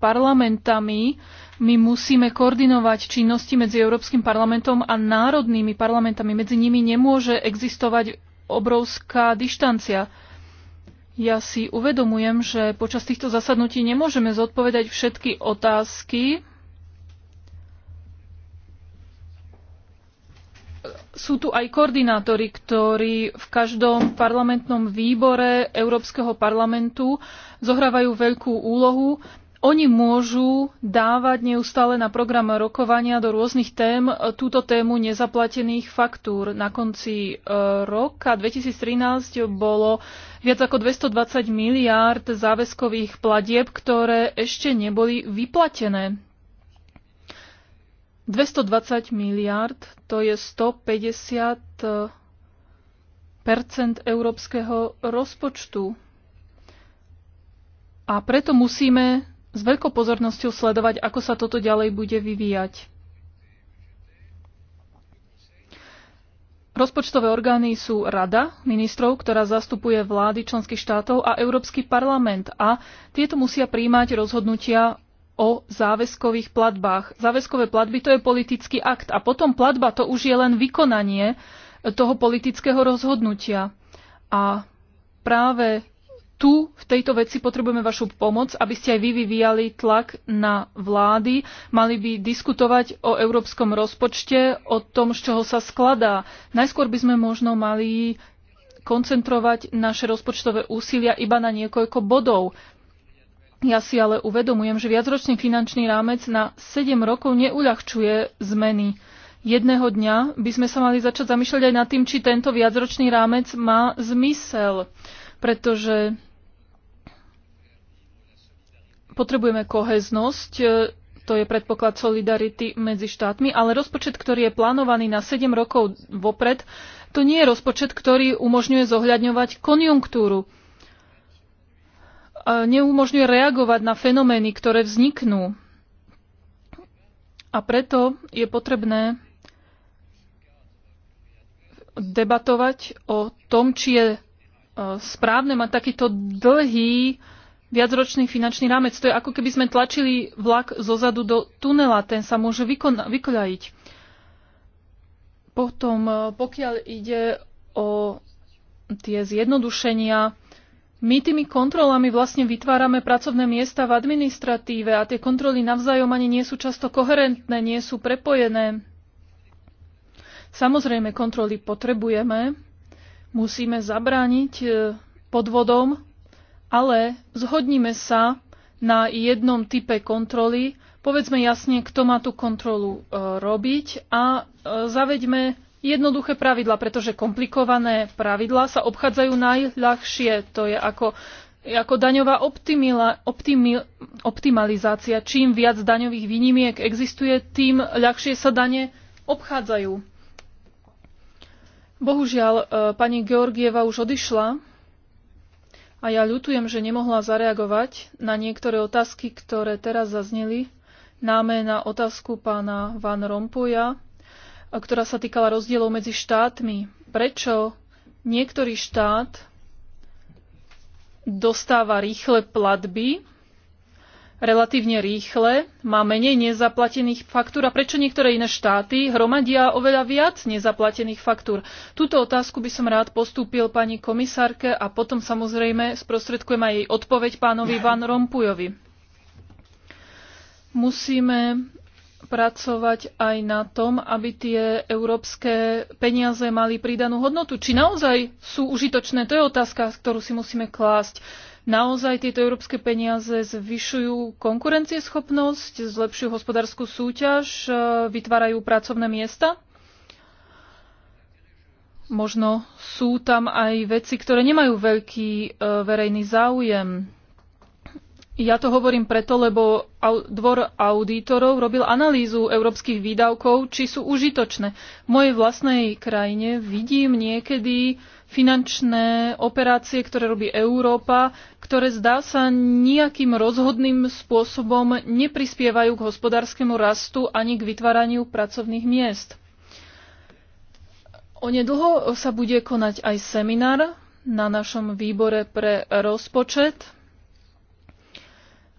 parlamentami, my musíme koordinovať činnosti medzi Európskym parlamentom a národnými parlamentami. Medzi nimi nemôže existovať obrovská dištancia. Ja si uvedomujem, že počas týchto zasadnutí nemôžeme zodpovedať všetky otázky. Sú tu aj koordinátori, ktorí v každom parlamentnom výbore Európskeho parlamentu zohrávajú veľkú úlohu. Oni môžu dávať neustále na program rokovania do rôznych tém túto tému nezaplatených faktúr. Na konci e, roka 2013 bolo viac ako 220 miliárd záväzkových platieb, ktoré ešte neboli vyplatené. 220 miliárd, to je 150 európskeho rozpočtu. A preto musíme s veľkou pozornosťou sledovať, ako sa toto ďalej bude vyvíjať. Rozpočtové orgány sú Rada ministrov, ktorá zastupuje vlády členských štátov a Európsky parlament a tieto musia príjmať rozhodnutia o záväzkových platbách. Záväzkové platby to je politický akt a potom platba to už je len vykonanie toho politického rozhodnutia. A práve tu v tejto veci potrebujeme vašu pomoc, aby ste aj vy vyvíjali tlak na vlády. Mali by diskutovať o európskom rozpočte, o tom, z čoho sa skladá. Najskôr by sme možno mali koncentrovať naše rozpočtové úsilia iba na niekoľko bodov. Ja si ale uvedomujem, že viacročný finančný rámec na 7 rokov neuľahčuje zmeny. Jedného dňa by sme sa mali začať zamýšľať aj nad tým, či tento viacročný rámec má zmysel pretože potrebujeme koheznosť, e, to je predpoklad solidarity medzi štátmi, ale rozpočet, ktorý je plánovaný na 7 rokov vopred, to nie je rozpočet, ktorý umožňuje zohľadňovať konjunktúru. E, neumožňuje reagovať na fenomény, ktoré vzniknú. A preto je potrebné debatovať o tom, či je E, správne mať takýto dlhý viacročný finančný rámec. To je ako keby sme tlačili vlak zozadu do tunela, ten sa môže vykoľajiť. Potom, e, pokiaľ ide o tie zjednodušenia, my tými kontrolami vlastne vytvárame pracovné miesta v administratíve a tie kontroly navzájom ani nie sú často koherentné, nie sú prepojené. Samozrejme, kontroly potrebujeme, Musíme zabrániť e, podvodom, ale zhodníme sa na jednom type kontroly. Povedzme jasne, kto má tú kontrolu e, robiť a e, zaveďme jednoduché pravidla, pretože komplikované pravidlá sa obchádzajú najľahšie. To je ako, ako daňová optimila, optimi, optimalizácia. Čím viac daňových výnimiek existuje, tým ľahšie sa dane obchádzajú. Bohužiaľ, e, pani Georgieva už odišla a ja ľutujem, že nemohla zareagovať na niektoré otázky, ktoré teraz zazneli, náme na otázku pána Van Rompuja, e, ktorá sa týkala rozdielov medzi štátmi. Prečo niektorý štát dostáva rýchle platby relatívne rýchle, má menej nezaplatených faktúr a prečo niektoré iné štáty hromadia oveľa viac nezaplatených faktúr? Túto otázku by som rád postúpil pani komisárke a potom samozrejme sprostredkujem aj jej odpoveď pánovi Van Rompujovi. Musíme pracovať aj na tom, aby tie európske peniaze mali pridanú hodnotu. Či naozaj sú užitočné, to je otázka, ktorú si musíme klásť. Naozaj tieto európske peniaze zvyšujú konkurencieschopnosť, zlepšujú hospodárskú súťaž, e, vytvárajú pracovné miesta? Možno sú tam aj veci, ktoré nemajú veľký e, verejný záujem. Ja to hovorím preto, lebo dvor auditorov robil analýzu európskych výdavkov, či sú užitočné. V mojej vlastnej krajine vidím niekedy finančné operácie, ktoré robí Európa, ktoré zdá sa nejakým rozhodným spôsobom neprispievajú k hospodárskému rastu ani k vytváraniu pracovných miest. Onedlho sa bude konať aj seminár na našom výbore pre rozpočet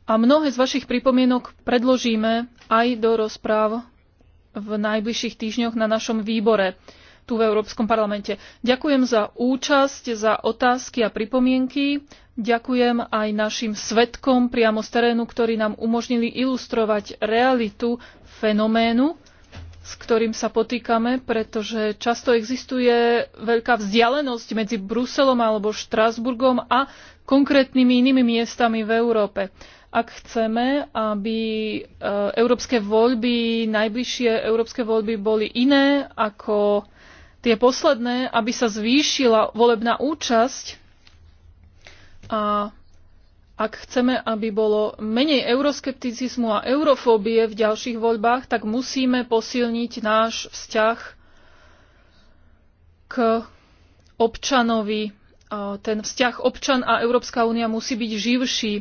a mnohé z vašich pripomienok predložíme aj do rozpráv v najbližších týždňoch na našom výbore tu v Európskom parlamente. Ďakujem za účasť, za otázky a pripomienky. Ďakujem aj našim svetkom priamo z terénu, ktorí nám umožnili ilustrovať realitu fenoménu, s ktorým sa potýkame, pretože často existuje veľká vzdialenosť medzi Bruselom alebo Štrasburgom a konkrétnymi inými miestami v Európe ak chceme, aby e, európske voľby, najbližšie európske voľby boli iné ako tie posledné, aby sa zvýšila volebná účasť a ak chceme, aby bolo menej euroskepticizmu a eurofóbie v ďalších voľbách, tak musíme posilniť náš vzťah k občanovi. Ten vzťah občan a Európska únia musí byť živší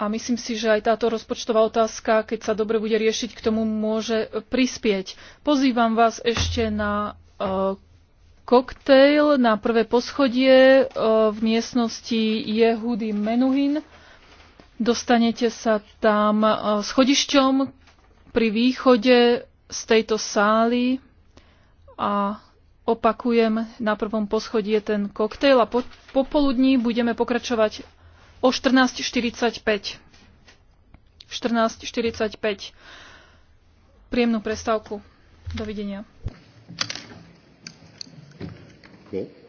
a myslím si, že aj táto rozpočtová otázka, keď sa dobre bude riešiť, k tomu môže e, prispieť. Pozývam vás ešte na uh, koktejl na prvé poschodie uh, v miestnosti Jehudy Menuhin. Dostanete sa tam uh, schodišťom pri východe z tejto sály a opakujem, na prvom poschodí je ten koktejl a po, popoludní budeme pokračovať o 14.45. 14.45. Príjemnú prestávku. Dovidenia. Cool.